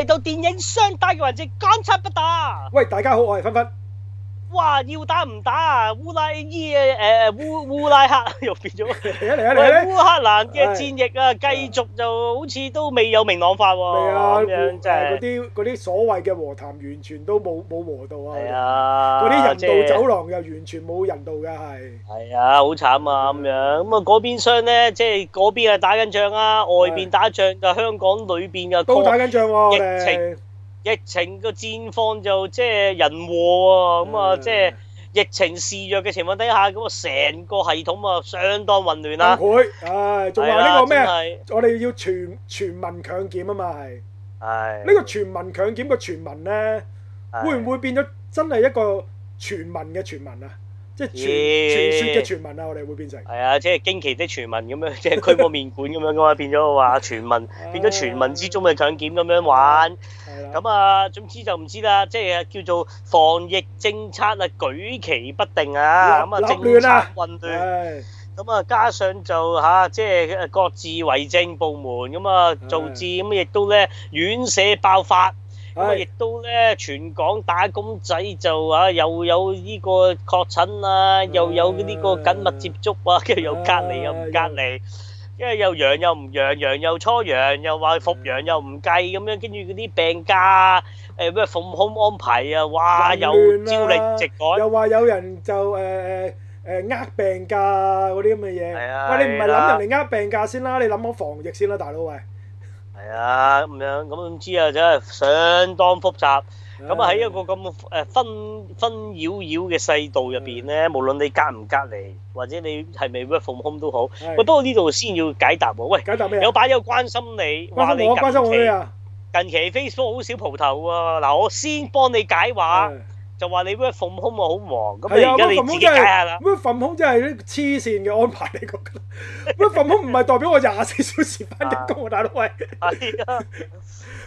嚟到電影雙打嘅環節，港產不打。喂，大家好，我係分分。哇！要打唔打啊？烏拉伊誒誒烏烏拉克又變咗，烏克蘭嘅戰役啊，繼續就好似都未有明朗化喎。係啊，即係嗰啲嗰啲所謂嘅和談，完全都冇冇和到啊。係啊，嗰啲人道走廊又完全冇人道嘅係。係啊，好慘啊咁樣。咁啊，嗰邊廂咧，即係嗰邊啊打緊仗啊，外邊打仗就香港裏邊嘅都打緊仗喎，疫情。疫情個戰況就即係人禍喎、啊，咁啊即係疫情肆虐嘅情況底下，咁啊成個系統啊相當混亂啦、啊。會，唉、哎，仲話呢個咩？就是、我哋要全全民強檢啊嘛，係。唉的。呢個全民強檢個全民咧，的會唔會變咗真係一個全民嘅全民啊？即傳傳說即傳聞啊，我哋會變成係啊，即驚奇的傳聞咁樣，即開個麵館咁樣噶嘛，變咗話傳聞， 變咗傳聞之中嘅強檢咁樣玩。咁 啊，總之就唔知啦，即叫做防疫政策啊，舉棋不定啊，咁啊政策啊混亂。咁、 嗯、啊，加上就嚇、啊，即係，各自為政部門，咁啊，導致咁亦都咧院舍爆發。咁啊，亦都咧，全港打工仔就啊，又有呢個確診啊，又有呢個緊密接觸啊，跟住又隔離又唔隔離，因為又陽又唔陽，陽又初陽又話復陽又唔計咁樣，跟住嗰啲病假誒咩防控安排啊，哇又招嚟直趕，又話有人就誒誒誒呃病假嗰啲咁嘅嘢，喂你唔係諗人哋呃病假先啦，你諗好防疫先啦，大佬喂。係啊，咁樣咁點知啊？真係相當複雜。咁啊喺一個咁誒紛紛擾擾嘅世道入邊咧，哎、無論你隔唔隔離，或者你係咪 work from home 都好。喂，哎、不過呢度先要解答喎。喂，解答咩？有擺有關心你，話你近期 Facebook 好少蒲頭喎、啊。嗱，我先幫你解話。哎哎就話你乜焚空啊？好忙，咁而家你點解啊？乜焚、那個、空真係啲黐線嘅安排，你覺得？乜焚空唔係代表我廿四小時翻緊工啊大佬喂。喂 的，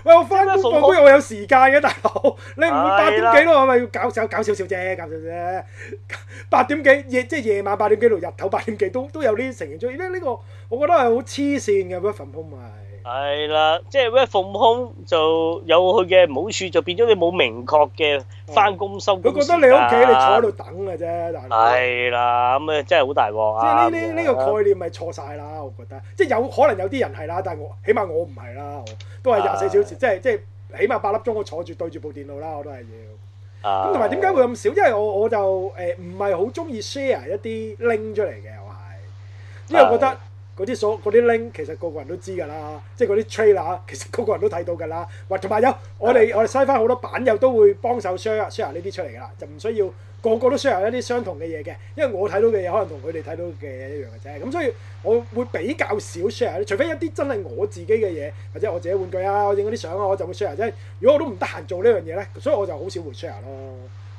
我翻工我居我有時間嘅、啊，大佬。你唔會八點幾咯？的係咪要搞搞少少啫，搞少少啫。八點幾夜即係夜晚八點幾到日頭八點幾都都有啲成員出現。呢、這、呢個我覺得係好黐線嘅，乜、那、焚、個、空啊！係啦，即係 work from home 就有佢嘅唔好處，就變咗你冇明確嘅翻工收工時間。佢覺得你屋企你坐喺度等嘅啫，但係。係啦，咁咧真係好大鑊啊！即係呢呢呢個概念咪錯晒啦！對我覺得，即係有可能有啲人係啦，但係我起碼我唔係啦，都係廿四小時，uh、即係即係起碼八粒鐘我坐住對住部電腦啦，我都係要。咁同埋點解會咁少？因為我我就誒唔係好中意 share 一啲拎出嚟嘅我係，因為我覺得。Uh uh 嗰啲數啲 link 其實個個人都知㗎啦，即係嗰啲 trailer 啊，其實個個人都睇到㗎啦。或同埋有我哋我哋西翻好多版友都會幫手 sh share share 呢啲出嚟㗎啦，就唔需要個個都 share 一啲相同嘅嘢嘅，因為我睇到嘅嘢可能同佢哋睇到嘅嘢一樣嘅啫。咁所以我會比較少 share，除非一啲真係我自己嘅嘢或者我自己玩具啊，我影啲相啊，我就會 share 啫。如果我都唔得閒做呢樣嘢咧，所以我就好少會 share 咯。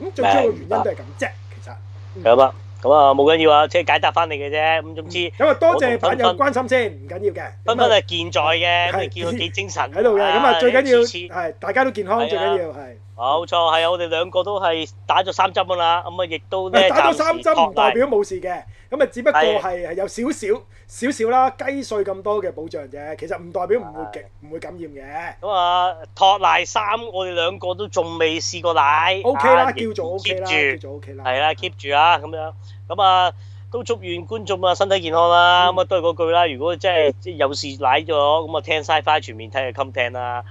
咁最主要嘅原因都係咁啫，其實。嗯咁啊，冇緊要啊，即係解答翻你嘅啫。咁總之，咁啊，多謝朋友關心先，唔緊要嘅。分分係健在嘅，你見到幾精神喺度嘅。咁啊，最緊要係大家都健康，最緊要係。冇錯，係啊，我哋兩個都係打咗三針㗎啦。咁啊，亦都咧暫時係。打咗三針唔代表冇事嘅。咁啊，只不過係有少少少少啦，雞碎咁多嘅保障啫，其實唔代表唔會極唔會感染嘅。咁啊，托奶三，我哋兩個都仲未試過奶。O K 啦，叫做 O K 啦，叫做 O K 啦，係啦 k e e p 住啊，咁樣。咁啊，都祝願觀眾啊身體健康啦。咁啊，都係嗰句啦，如果真係有事奶咗，咁啊聽 SciFi 全面睇啊，襟聽啦。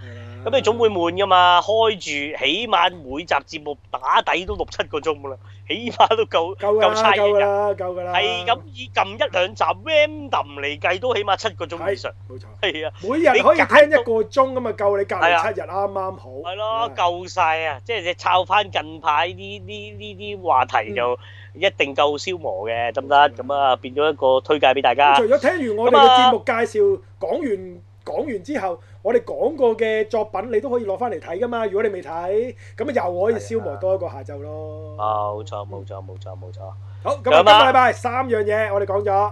咁你總會悶㗎嘛？開住起碼每集節目打底都六七個鐘啦，起碼都夠夠七日。夠啦，夠啦，夠㗎啦。喺咁以撳一兩集 random 嚟計，都起碼七個鐘以上。冇錯。係啊，每日你可以聽一個鐘咁啊，夠你隔離七日啱啱好。係咯，夠晒啊！即係你抄翻近排呢呢呢啲話題就一定夠消磨嘅，得唔得？咁啊變咗一個推介俾大家。除咗聽完我哋嘅節目介紹講完講完之後。我哋講過嘅作品，你都可以攞翻嚟睇噶嘛？如果你未睇，咁啊又可以消磨多一個下晝咯。啊，冇錯冇錯冇錯冇錯。好，咁呢個禮拜三樣嘢我哋講咗。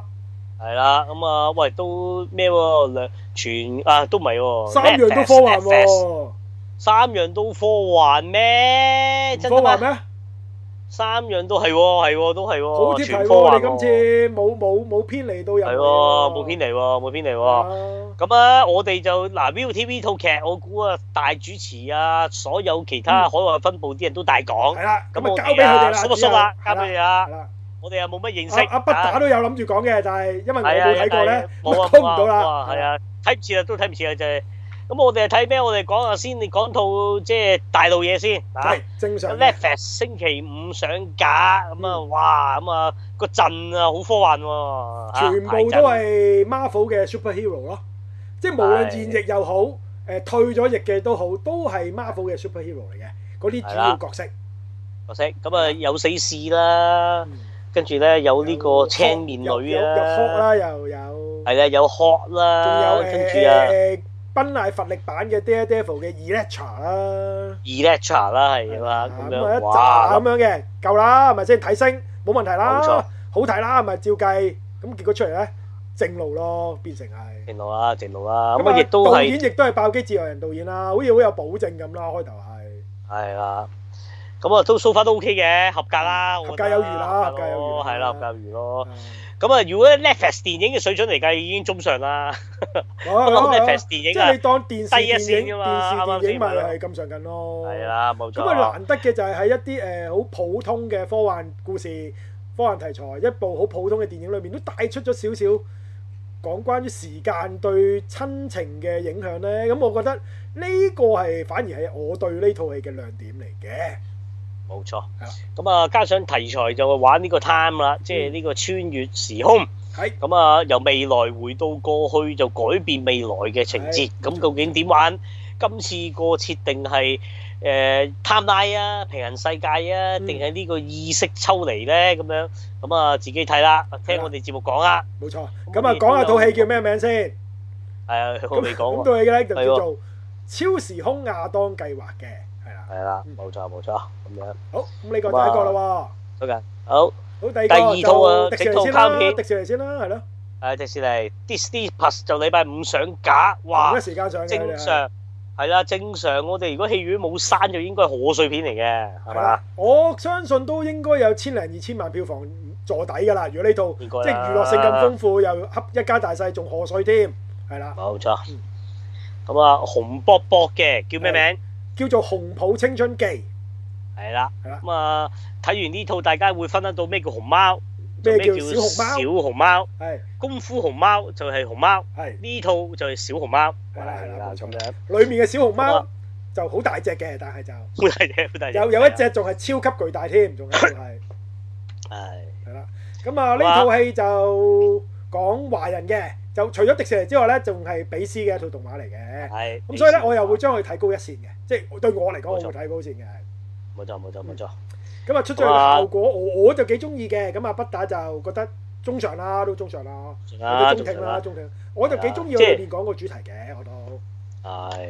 係啦，咁啊，喂，都咩喎？兩全啊，都唔係喎。三樣都科幻喎。三樣都科幻咩？科幻咩？三樣都係喎，係喎，都係喎，全科幻。今次冇冇冇偏離都有，係喎，冇偏離喎，冇偏離喎。咁啊，我哋就嗱，ViuTV 套劇，我估啊，大主持啊，所有其他海外分部啲人都大講，係啦，咁我交俾佢哋啦，收縮啦，交俾阿，我哋又冇乜認識，阿北打都有諗住講嘅，但係因為我冇睇過咧，溝唔到啦，係啊，睇唔似啦，都睇唔似啊，就係咁，我哋係睇咩？我哋講下先，你講套即係大路嘢先，係正常。Netflix 星期五上架，咁啊，哇，咁啊，個陣啊，好科幻喎，全部都係 Marvel 嘅 superhero 咯。即係無論現役又好，誒退咗役嘅都好，都係 Marvel 嘅 superhero 嚟嘅，嗰啲主要角色。角色咁啊，有死侍啦，跟住咧有呢個青面女啦，又 Hawk 啦又有，係啦，有 Hawk 啦，仲有跟住啊，賓艾佛力版嘅 Daredevil 嘅 Elektra 啦，Elektra 啦係嘛？咁啊一紮咁樣嘅夠啦，係咪先睇升冇問題啦，冇錯，好睇啦，咪照計，咁結果出嚟咧。正路咯，變成係正路啦，正路啦。咁啊，亦都導演亦都係爆機自由人導演啦，好似好有保證咁啦，開頭係。係啦，咁啊都 so far 都 OK 嘅，合格啦，合格有餘啦，合格有餘，係啦，合格有餘咯。咁啊，如果 Netflix 電影嘅水準嚟計已經中上啦，我諗 Netflix 電影啊，即係你當電視電影啊嘛，咁上緊咯。咁啊，難得嘅就係喺一啲誒好普通嘅科幻故事、科幻題材，一部好普通嘅電影裏面都帶出咗少少。講關於時間對親情嘅影響呢，咁我覺得呢個係反而係我對呢套戲嘅亮點嚟嘅。冇錯，咁啊的、嗯，加上題材就玩呢個 time 啦，即係呢個穿越時空。係的。咁啊、嗯，由未來回到過去就改變未來嘅情節。係。咁究竟點玩？今次個設定係？誒《Time Line》啊，《平行世界》啊，定係呢個意識抽離咧？咁樣咁啊，自己睇啦，聽我哋節目講啦。冇錯。咁啊，講下套戲叫咩名先？係啊，我未講喎。咁套戲咧就叫做《超時空亞當計畫》嘅，係啦。係啦，冇錯冇錯，咁樣。好，咁你講第一個啦喎。OK。好。好，第二套就迪士尼嘅《Time Lie》。迪士尼先啦，係咯。誒，迪士尼 Disney+ 就禮拜五上架，哇！時間上正常。係啦，正常我哋如果戲院冇刪就應該係賀歲片嚟嘅，係咪啊？我相信都應該有千零二千萬票房坐底噶啦，如果呢套，應該啦，即係娛樂性咁豐富，又恰一家大細，仲賀歲添，係啦，冇錯。咁啊，紅卜卜嘅叫咩名？欸？叫做《熊抱青春記》了，係啦吧。咁啊、嗯，睇完呢套大家會分得到咩叫熊貓？咩叫小熊貓？係功夫熊貓就係熊貓，係呢套就係小熊貓。係啦，重影。裏面嘅小熊貓就好大隻嘅，但係就好大隻，好大隻。有有一隻仲係超級巨大添，仲有係係係啦。咁啊，呢套戲就講華人嘅，就除咗迪士尼之外咧，仲係比斯嘅一套動畫嚟嘅。係咁，所以咧，我又會將佢睇高一線嘅，即係對我嚟講，會睇高一線嘅。冇錯，冇錯，冇錯。咁啊出咗嚟嘅效果，我我就幾中意嘅。咁啊不打就覺得中上啦，都中上啦，都中上啦，中上。我就幾中意即係講個主題嘅，我都。係。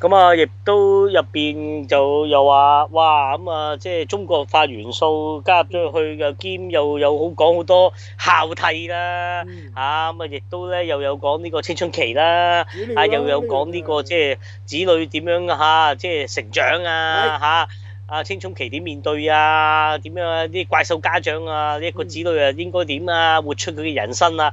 咁啊，亦都入邊就又話哇咁啊，即係中國化元素加入咗入去，又兼又有好講好多孝悌啦嚇，咁啊，亦都咧又有講呢個青春期啦，啊又有講呢個即係子女點樣嚇即係成長啊嚇。啊，青春期點面對啊？點樣啲怪獸家長啊？一個子女啊，應該點啊？活出佢嘅人生啊！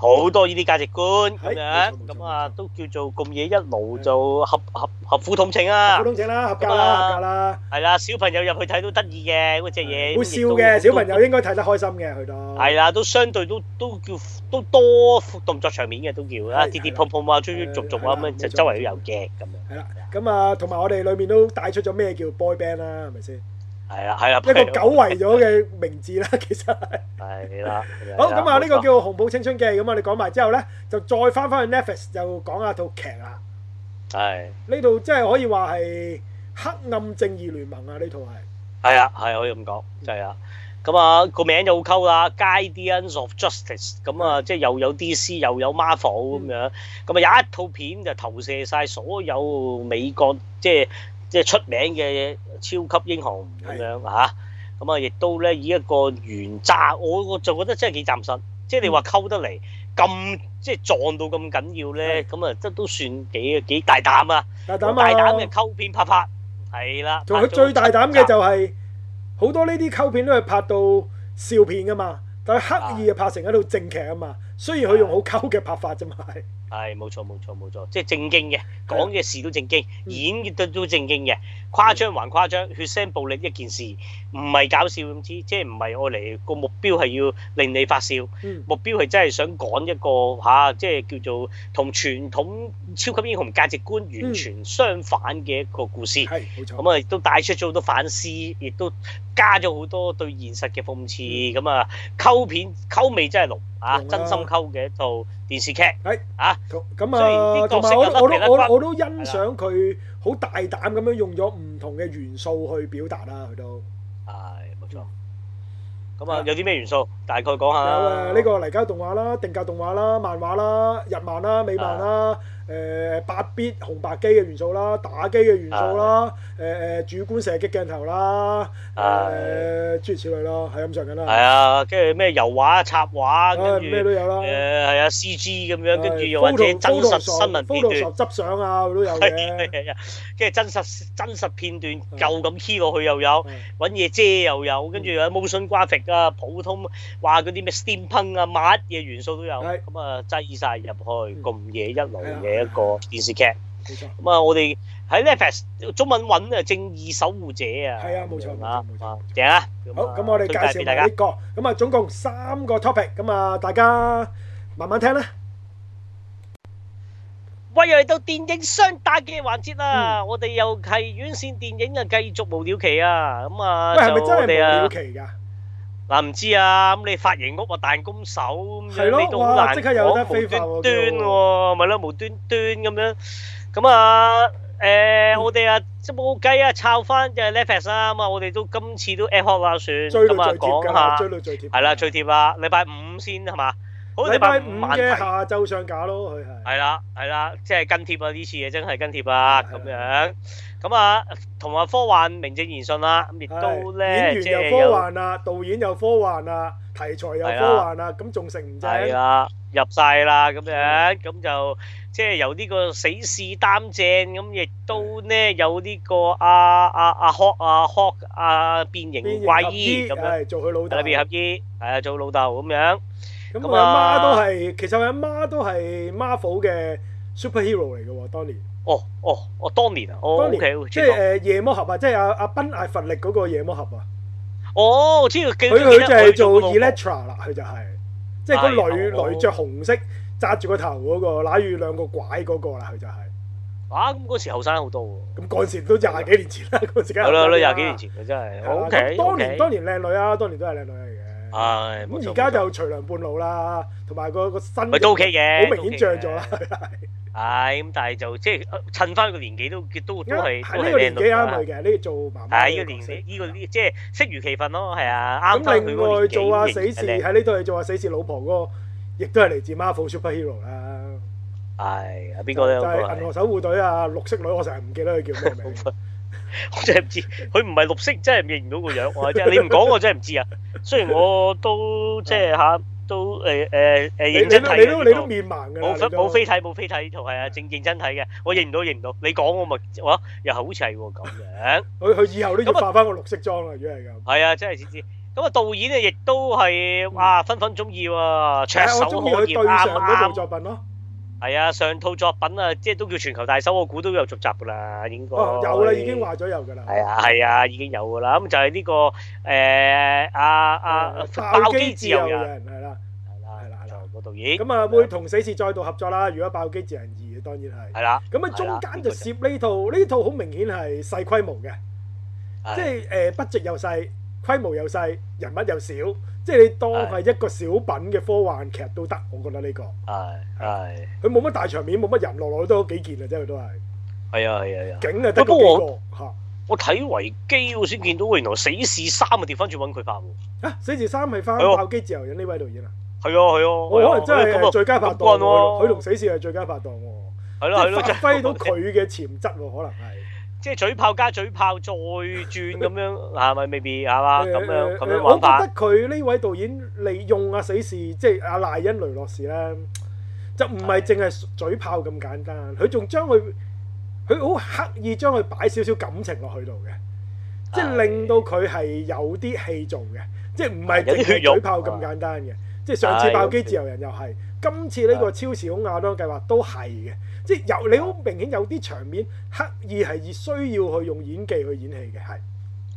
好多呢啲價值觀咁樣，咁啊都叫做咁嘢一路就合合合乎同情啊！合乎同情啦，合格啦，合格啦！係啦，小朋友入去睇都得意嘅嗰隻嘢，會笑嘅小朋友應該睇得開心嘅佢都。係啦，都相對都都叫都多動作場面嘅都叫啦，跌跌碰碰啊，追追逐逐啊，咁樣就周圍都有嘅咁樣。係啦，咁啊同埋我哋裏面都帶出咗咩叫 boy band。啦，係咪先？係啊，係啊，一個久違咗嘅名字啦，其實係。係啦。好，咁啊，呢個叫《熊抱青春記》，咁我哋講埋之後咧，就再翻翻去 Netflix 就講下套劇啦。係。呢套真係可以話係黑暗正義聯盟啊，呢套係。係啊，係可以咁講，真係啊。咁啊，個名又好溝啦，《Guardians of Justice》咁啊，即係又有 DC 又有 Marvel 咁樣，咁啊有一套片就投射晒所有美國即係。即係出名嘅超級英雄咁樣嚇，咁是啊，亦都咧以一個原則，我我就覺得真係幾嶄新。即係你話溝得嚟咁，即係撞到咁緊要咧，咁啊都都算幾幾大膽啊！大膽大膽嘅溝片拍拍係啦，仲佢有最大膽嘅就係、是、好、嗯、多呢啲溝片都係拍到笑片㗎嘛，但係刻意啊拍成一套正劇啊嘛，雖然佢用好溝嘅拍法啫嘛係。嗯係冇錯冇錯冇錯，即係正經嘅，講嘅事都正經,演嘅都都正經嘅，誇張還誇張，血腥暴力一件事，唔係搞笑咁滯，即係唔係愛嚟個目標係要令你發笑，目標係真係想講一個吓，即係叫做同傳統超級英雄價值觀完全相反嘅一個故事，係冇錯，咁啊亦都帶出咗好多反思，亦都加咗好多對現實嘅諷刺，咁啊溝片溝味真係濃，吓，真心溝嘅一套。電視劇係啊，咁啊，同埋我我都我都欣賞佢好大膽咁樣用咗唔同嘅元素去表達啦，佢都係冇錯。咁啊，有啲咩元素？大概講下啦。有啊，呢個泥膠動畫啦，定格動畫啦，漫畫啦，日漫啦，美漫啦。誒八 b i 紅白機嘅元素啦，打機嘅元素啦，誒誒主觀射擊鏡頭啦，誒諸如此類咯，係咁上緊啦。係啊，跟住咩油畫插畫，跟住咩都有誒係啊 CG 咁樣，跟住又或者真實新聞片段執相啊，都有跟住真實真實片段舊咁 key 落去又有，揾嘢遮又有，跟住有 motion graphic 啊，普通話嗰啲咩 steam p 啊，乜嘢元素都有，咁啊擠晒入去，咁嘢一類嘢。一個電視劇，咁啊，我哋喺 Netflix 中文搵啊，《正義守護者》啊，係啊，冇錯啊，正啊，好，咁我哋介紹大家呢個，咁啊，總共三個 topic，咁啊，大家慢慢聽啦。喂，又嚟到電影雙打嘅環節啦，我哋又係院線電影啊，繼續無了期啊，咁啊，喂，係咪真係無了期噶？嗱唔知啊，咁、啊、你髮型屋咯啊，彈弓手咁樣，你都好難講無端端喎，咪咯無端端咁樣。咁啊，誒我哋啊，即冇計啊，抄翻嘅 left hand 啊、嗯、我哋、啊啊啊嗯、都今次都 ad hoc 啦，算咁了啊講下，追到最貼，係啦，最貼啦，禮拜五先係嘛？好，禮拜五嘅下晝上架咯，佢係。係啦，係啦，即係跟貼啊！呢次嘢真係跟貼啊，咁樣。咁啊，同埋科幻名正言順啦。咁亦都咧，演員又科幻啊，導演又科幻啊，題材又科幻啊，咁仲成唔正？係啦，入晒啦，咁樣。咁就即係由呢個死侍擔正，咁亦都呢，有呢個阿阿阿霍阿霍阿變形俠醫咁樣，做佢老豆。變形俠醫，係啊，做老豆咁樣。咁我阿媽都係，其實我阿媽都係 Marvel 嘅 superhero 嚟嘅喎，當年。哦哦，我當年啊，O K，即係誒夜魔俠啊，即係阿阿賓艾弗力嗰個夜魔俠啊。哦，知佢佢佢就係做 Electra 啦，佢就係，即係嗰個女女着紅色揸住個頭嗰個，攞住兩個拐嗰個啦，佢就係。啊，咁嗰時後生好多喎。咁嗰時都廿幾年前啦，嗰時梗係。係啦，廿幾年前，真係 O K。當年當年靚女啊，當年都係靚女。咁而家就徐娘半老啦，同埋個身，咪都 OK 嘅，好明顯漲咗啦。係，咁但係就即係趁翻個年紀都都都係呢個年紀啱嘅，呢你做媽媽。呢個年紀，呢個呢即係適如其分咯。係啊，啱翻佢個年紀。另外做下死侍，喺係你做下死侍老婆嗰個，亦都係嚟自 Marvel Superhero 啦。係啊，邊個咧？就係銀河守護隊啊，綠色女，我成日唔記得佢叫咩名。 我真係唔知，佢唔係綠色，真係認唔到個樣。 你我真係你唔講，我真係唔知啊。雖然我都即係吓，都誒誒誒認真睇，你都你都面盲嘅。冇冇飛睇，冇飛睇呢套係啊，正認真睇嘅，我認唔到，認唔到。你講我咪，哇又好似係咁樣。佢佢 以後都要化翻個綠色妝啦，如果係咁。係啊，真係知知。咁 啊，導演啊，亦都係啊，分分鍾意喎，出手好嚴啊。係啊，上套作品啊，即係都叫全球大搜，我估都有續集㗎啦。哦，已經，應該有啦。有啦，已經話咗有㗎啦。係啊，係啊，已經有㗎啦。咁就係呢、呢個誒阿阿爆機自由人。嘅係啦，係啦，就個導演。咁啊，會同死侍再度合作啦。如果爆機自由人二，當然係。係啦。咁啊，中間就攝呢套，呢的套好明顯係細規模嘅，即係誒筆值又細，規模又細，人物又少。 即係你當係一個小品嘅科幻劇都得，我覺得呢個係，係佢冇乜大場面，冇乜人，落落都幾件啊，真係都係，係啊係啊，景啊得不過我睇維基我先見到，原來死侍三啊跌翻住揾佢拍喎啊！死侍三係翻爆機自由人呢位導演啊，係啊，係啊。我可能真係最佳拍檔，佢同死侍係最佳拍檔，係咯，發揮到佢嘅潛質咯，可能係。即係嘴炮加嘴炮再轉咁樣，係咪、呃、未必？maybe 係嘛？咁、呃、樣咁、呃、樣我覺得佢呢位導演利用阿死侍，即係阿賴恩雷諾士咧，就唔係淨係嘴炮咁簡單，佢仲、呃、將佢，佢好刻意將佢擺少少感情落去度嘅、呃，即係令到佢係有啲戲做嘅，即係唔係淨係嘴炮咁簡單嘅。即係、呃呃、上次爆機自由人又係，呃 okay. 今次呢個超時空亞當計劃都係嘅。即係有你好明顯有啲場面刻意係需要去用演技去演戲嘅，係。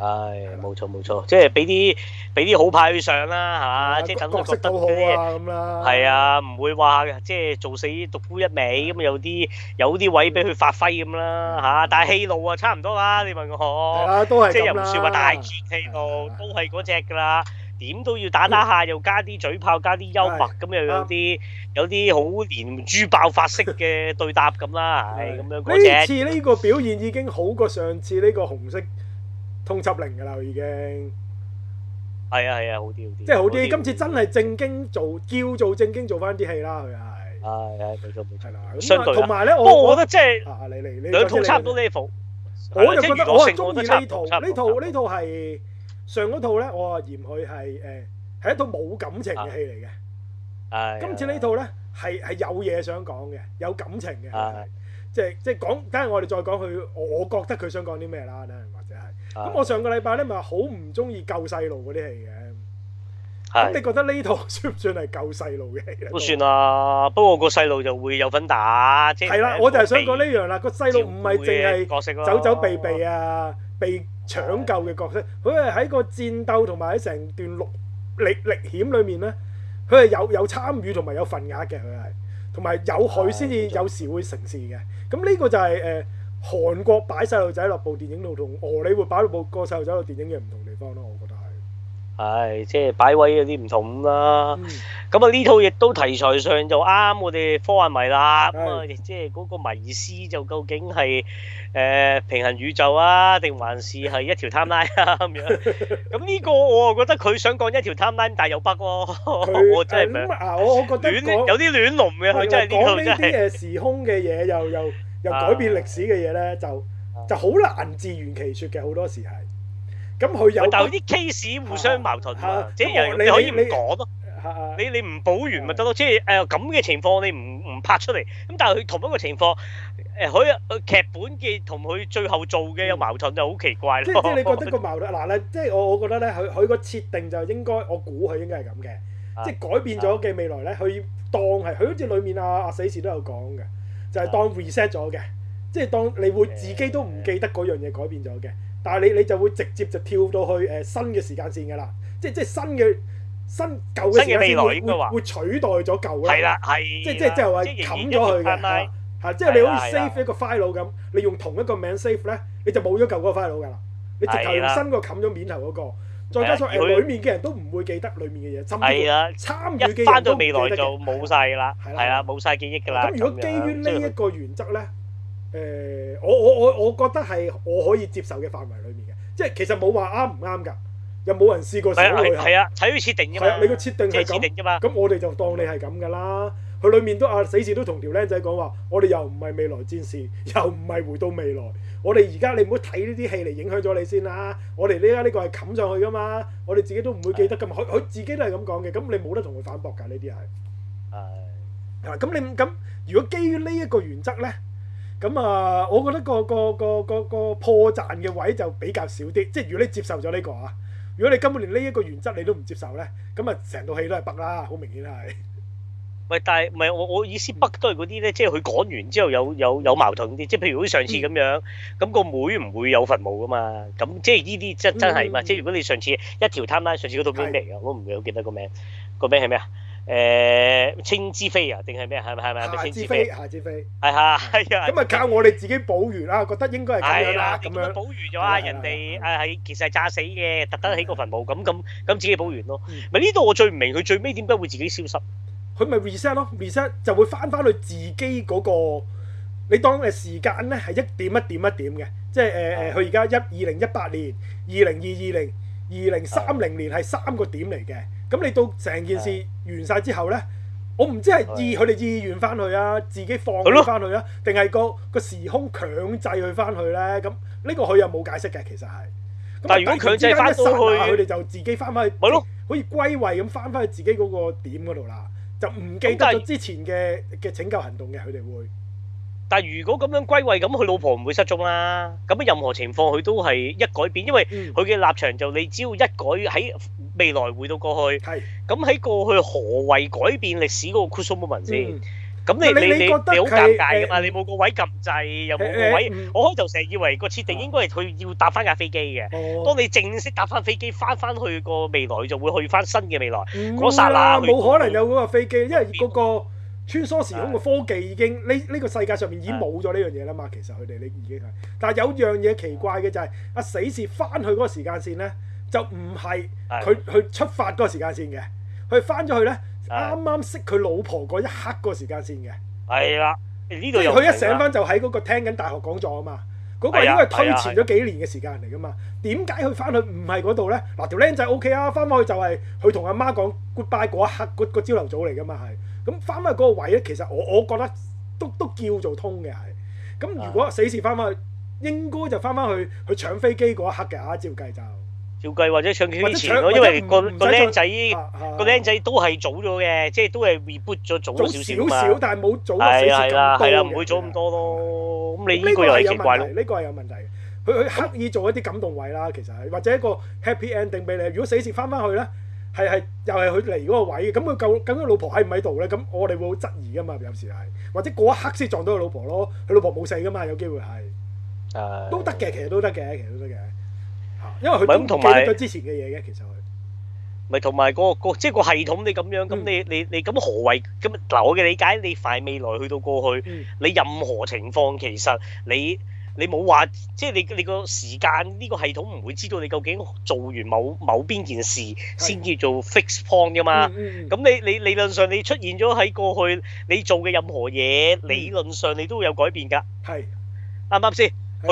係冇錯冇錯，即係俾啲俾啲好派去上啦，係即係等佢覺得嗰啲咁啦。係啊，唔會話即係做死獨孤一味咁，有啲有啲位俾佢發揮咁啦嚇。但係戲路啊，差唔多啦。你問我，係都係即係又唔算話大絕戲路，都係嗰隻㗎啦。點都要打打下，又加啲嘴炮，加啲幽默，咁又有啲有啲好連珠爆發式嘅對答咁啦，係咁樣嗰隻。呢次呢個表現已經好過上次呢個紅色通緝令噶啦，已經。係啊係啊，好啲好啲，即係好啲。今次真係正經做，叫做正經做翻啲戲啦。佢係。係係，叫做係啦。相對同埋咧，不過我覺得即係，你你你兩套差唔多呢幅。我就覺得我係中意呢套呢套呢套係。上嗰套咧，我話嫌佢係誒係一套冇感情嘅戲嚟嘅。今次呢套咧係係有嘢想講嘅，有感情嘅，即係即係講。等下我哋再講佢，我我覺得佢想講啲咩啦？或者係咁，我上個禮拜咧咪話好唔中意救細路嗰啲戲嘅。咁你覺得呢套算唔算係救細路嘅戲？都算啦，不過個細路就會有份打。係啦，我就係想講呢樣啦，個細路唔係淨係走走避避啊避。搶救嘅角色，佢係喺個戰鬥同埋喺成段歷歷險裏面呢，佢係有有參與同埋有份額嘅，佢係，同埋有佢先至有時會成事嘅。咁呢個就係、是、誒、呃、韓國擺細路仔落部電影度同荷里活擺部個細路仔嘅電影嘅唔同地方咯。唉，即係擺位有啲唔同啦。咁啊，呢套亦都題材上就啱我哋科幻迷啦。咁啊，即係嗰個迷思就究竟係誒平衡宇宙啊，定還是係一條 timeline 啊咁樣？咁呢個我啊覺得佢想講一條 timeline，但係又北喎。佢咁啊，我我覺得有啲亂龍嘅，佢真係呢啲真係時空嘅嘢又又又改變歷史嘅嘢咧，就就好難自圓其説嘅，好多時係。咁佢有，但係啲 case、啊、互相矛盾喎、啊，即係你，你可以唔講咯。你你唔補完咪得咯，即係誒咁嘅情況你唔唔拍出嚟。咁但係佢同一個情況誒，佢劇本嘅同佢最後做嘅有矛盾就好奇怪咯、嗯嗯。即係即係，你覺得個矛盾嗱咧， 即係我我覺得咧，佢佢個設定就應該，我估佢應該係咁嘅，即係改變咗嘅未來咧，佢當係佢好似裡面阿阿死侍都有講嘅，就係當 reset 咗嘅，即係當你會自己都唔記得嗰樣嘢改變咗嘅。但係你你就會直接就跳到去誒新嘅時間線㗎啦，即係即係新嘅新舊嘅時間線會會,會取代咗舊嘅係啦，即係吧即係即係話冚咗佢㗎嚇嚇，即係你好似 save 一個 file 咁，你用同一個名 save 咧，你就冇咗舊嗰個 file 㗎啦，你直頭用新個冚咗面頭嗰個，再加上誒的裡面嘅人都唔會記得裡面嘅嘢，係啦，參與嘅人一翻到未來就冇曬㗎啦，係啦冇晒記憶㗎啦。咁如果基於呢一個原則咧？誒、欸，我我我我覺得係我可以接受嘅範圍裡面嘅，即係其實冇話啱唔啱㗎，又冇人試過上過去。係啊，係啊，睇佢設定，你個設定係咁，咁我哋就當你係咁㗎啦。佢裡面都啊死字都同條靚仔講話，我哋又唔係未來戰士，又唔係回到未來。我哋而家你唔好睇呢啲戲嚟影響咗你先啦。我哋呢家呢個係冚上去㗎嘛，我哋自己都唔會記得㗎嘛。佢佢的自己都係咁講嘅，咁你冇得同佢反駁㗎。呢啲係係啊，咁你咁如果基於呢一個原則咧？咁啊，我覺得個個個個個破綻嘅位就比較少啲，即係如果你接受咗呢個啊，如果你根本連呢一個原則你都唔接受咧，咁啊成套戲都係北啦，好明顯係。喂，但係唔係我我意思北都係嗰啲咧，即係佢講完之後有有有矛盾啲，即係譬如好似上次咁樣，咁、嗯、個妹唔會有墳墓噶嘛？咁即係呢啲真真係嘛？嗯、即係如果你上次一條攤攤上次嗰套劇嚟㗎，的我唔會好記得個名，個名係咩啊？誒青之飛啊，定係咩？係咪係咪？夏之飛，夏之飛，係啊，係啊。咁啊，靠我哋自己補完啦，覺得應該係咁樣啦，咁樣補完咗啊。人哋誒係其實係炸死嘅，特登起個墳墓，咁咁咁自己補完咯。咪呢度我最唔明，佢最尾點解會自己消失？佢咪 reset 咯，reset 就會翻翻去自己嗰個。你當誒時間咧係一點一點一點嘅，即係誒誒，佢而家一二零一八年、二零二二零、二零三零年係三個點嚟嘅。咁你到成件事完晒之後呢，我唔知係意佢哋意願翻去啊，自己放佢翻去啊，定係個個時空強制佢翻去呢？咁呢個佢又冇解釋嘅，其實係。但係如果強制翻去，佢哋就自己翻返去。好似係歸位咁翻返去自己嗰個點嗰度啦，就唔記得咗之前嘅嘅拯救行動嘅佢哋會。但係如果咁樣歸位，咁佢老婆唔會失蹤啦、啊。咁任何情況，佢都係一改變，因為佢嘅立場就你只要一改喺未來回到過去。係是。咁喺過去何為改變歷史嗰個 crossover、嗯、moment 先？咁你你你好尷尬㗎嘛？哎、你冇個位撳掣，又冇個位，哎哎、我開頭成日以為個設定應該係佢要搭翻架飛機嘅。哦、哎。當你正式搭翻飛機翻翻去個未來，就會去翻新嘅未來。唔、嗯、剎那，啦，冇可能有嗰個飛機，因為嗰、那個。嗯穿梭時空嘅科技已經呢呢是的 個世界上面已經冇咗呢樣嘢啦嘛，是的 其實佢哋呢已經係，但係有樣嘢奇怪嘅就係、是、阿、啊、死侍翻去嗰個時間線咧，就唔係佢去出發嗰個時間線嘅，佢翻咗去呢，啱啱是的 識佢老婆嗰一刻嗰個時間線嘅。係啦，佢、這個、一醒翻就喺嗰個聽緊大學講座啊嘛，嗰、那個因為推前咗幾年嘅時間嚟噶、那個啊那個、嘛，點解佢翻去唔係嗰度呢？嗱條僆仔 O K 啊，翻返去就係佢同阿媽講 goodbye 嗰一刻嗰個朝頭早嚟噶嘛係。咁翻翻去嗰個位咧，其實我我覺得都都叫做通嘅係。咁如果死侍翻翻去，應該就翻翻去去搶飛機嗰一刻嘅嚇，照計就。照計或者搶幾多咯？因為、嗰個個僆仔個僆仔都係早咗嘅，即係都係 reboot 咗早少少少，但係冇早個死侍咁多。係係啦，係啦，唔會早咁多咯。咁你呢個又有問題。呢、呢個係有問題。佢佢刻意做一啲感動位啦，其實，或者一個 happy ending 俾你。如果死侍翻翻去咧？係係，又係佢嚟嗰個位嘅，咁佢夠，咁佢老婆喺唔喺度咧？咁我哋會好質疑噶嘛？有時係，或者過一刻先撞到佢老婆咯，佢老婆冇死噶嘛？有機會係，都得嘅，其實都得嘅，其實都得嘅，嚇，因為佢唔係咁同埋佢之前嘅嘢嘅，其實佢咪同埋個個即係個系統，你咁樣咁你你你咁何為咁嗱？我嘅理解，你從未來去到過去，你任何情況其實你。你冇話，即係你你個時間呢、呢個系統唔會知道你究竟做完某某邊件事先叫做 fix point 㗎嘛的？咁、嗯嗯、你你理論上你出現咗喺過去你做嘅任何嘢，嗯、理論上你都會有改變㗎。係啱唔啱先？佢可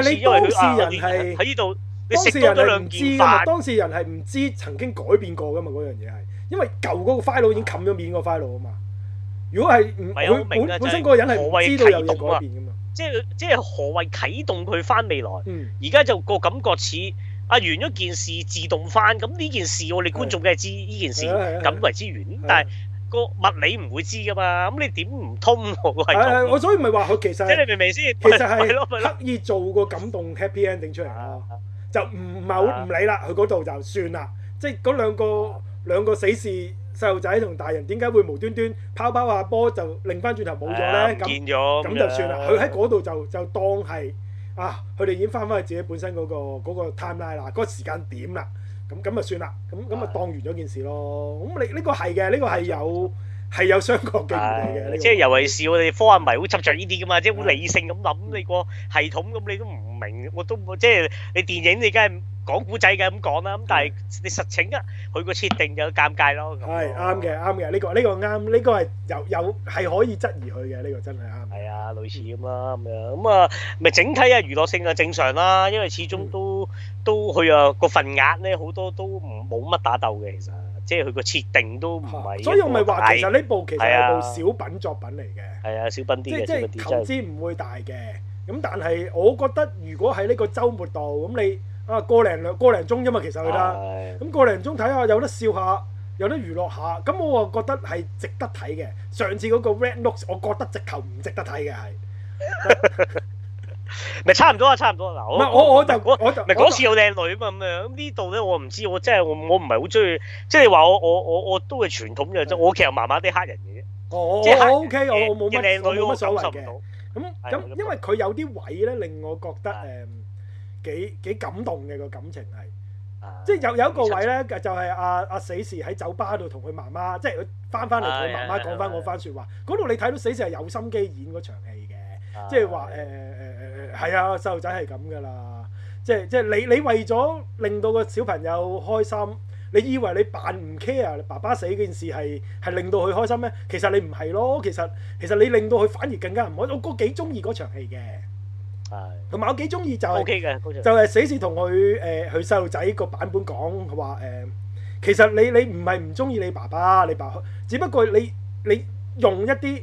能因為佢當事人係喺呢度，啊、你當事人係唔知嘅嘛？當事人係唔知，知曾經改變過嘅嘛？嗰樣嘢係因為舊嗰個 file 已經冚咗面個 file 啊嘛。嗯、如果係唔佢本本身嗰個人係唔知道有嘢改變㗎嘛？即係即係何為啟動佢翻未來？而家、嗯、就個感覺似阿、啊、完咗件事自動翻，咁呢件事我哋觀眾梗係知呢的件事咁為之完，的但係個物理唔會知噶嘛，咁你點唔通，我所以咪話佢其實即係你明唔明先？其實係刻意做個感動 happy ending 出嚟咯，的就唔係好唔理啦，佢嗰度就算啦。即係嗰兩個兩個死侍。細路仔同大人點解會無端端拋拋下波就擰翻轉頭冇咗呢？咁咁、啊、樣就算啦，佢喺嗰度就就，就當係啊，佢哋已經翻返去自己本身嗰、嗰個 timeline 啦，嗰、嗰個、時間點啦，咁咁咪算啦，咁咁咪當完咗件事咯。咁你呢個係嘅，呢、呢個係有。係有商榷嘅，即係尤其是我哋科幻迷好執着呢啲㗎嘛，即係好理性咁諗你個系統咁，你都唔明，我都即係你電影你梗係講古仔嘅咁講啦，咁但係你實情啊，佢個設定就有尷尬咯。係啱嘅，啱嘅，呢個呢個啱，呢個係有有係可以質疑佢嘅，呢個真係啱。係啊，類似咁啦，咁樣咁啊，咪整體啊，娛樂性啊正常啦，因為始終都都佢啊個份額咧好多都冇乜打鬥嘅其實。即係佢個設定都唔係、啊，所以我咪話其實呢部其實係部小品作品嚟嘅。係啊，啊，小品啲嘅，即係投資唔會大嘅。咁但係我覺得如果喺呢個周末度，咁你啊個零兩個零鐘啫嘛，其實佢得。咁個零鐘睇下有得笑下，有得娛樂下，咁我啊覺得係值得睇嘅。上次嗰個 Red Looks，我覺得直頭唔值得睇嘅係。 咪差唔多啊，差唔多啊。嗱，唔係我我就我，我，咪嗰次有靚女啊嘛咁樣。咁呢度咧，我唔知我真係我唔係好中意，即係話我我我我都係傳統嘅啫。我其實麻麻地黑人嘅啫。哦，即係 O K，我我冇乜靚女冇乜所謂嘅。咁咁因為佢有啲位咧令我覺得誒幾幾感動嘅個感情係，即係有有一個位咧就係阿阿死士喺酒吧度同佢媽媽，即係佢翻翻嚟同佢媽媽講翻我番說話嗰度，你睇到死士係有心機演嗰場戲嘅，即係話誒。係啊，細路仔係咁噶啦，即係即係你你為咗令到個小朋友開心，你以為你扮唔 care 你爸爸死件事係係令到佢開心咩？其實你唔係咯，其實其實你令到佢反而更加唔開心。我哥幾中意嗰場戲嘅，係同埋我幾中意就係、是、就係死侍同佢誒佢細路仔個版本講佢話誒，其實你你唔係唔中意你爸爸，你爸爸，只不過你你用一啲。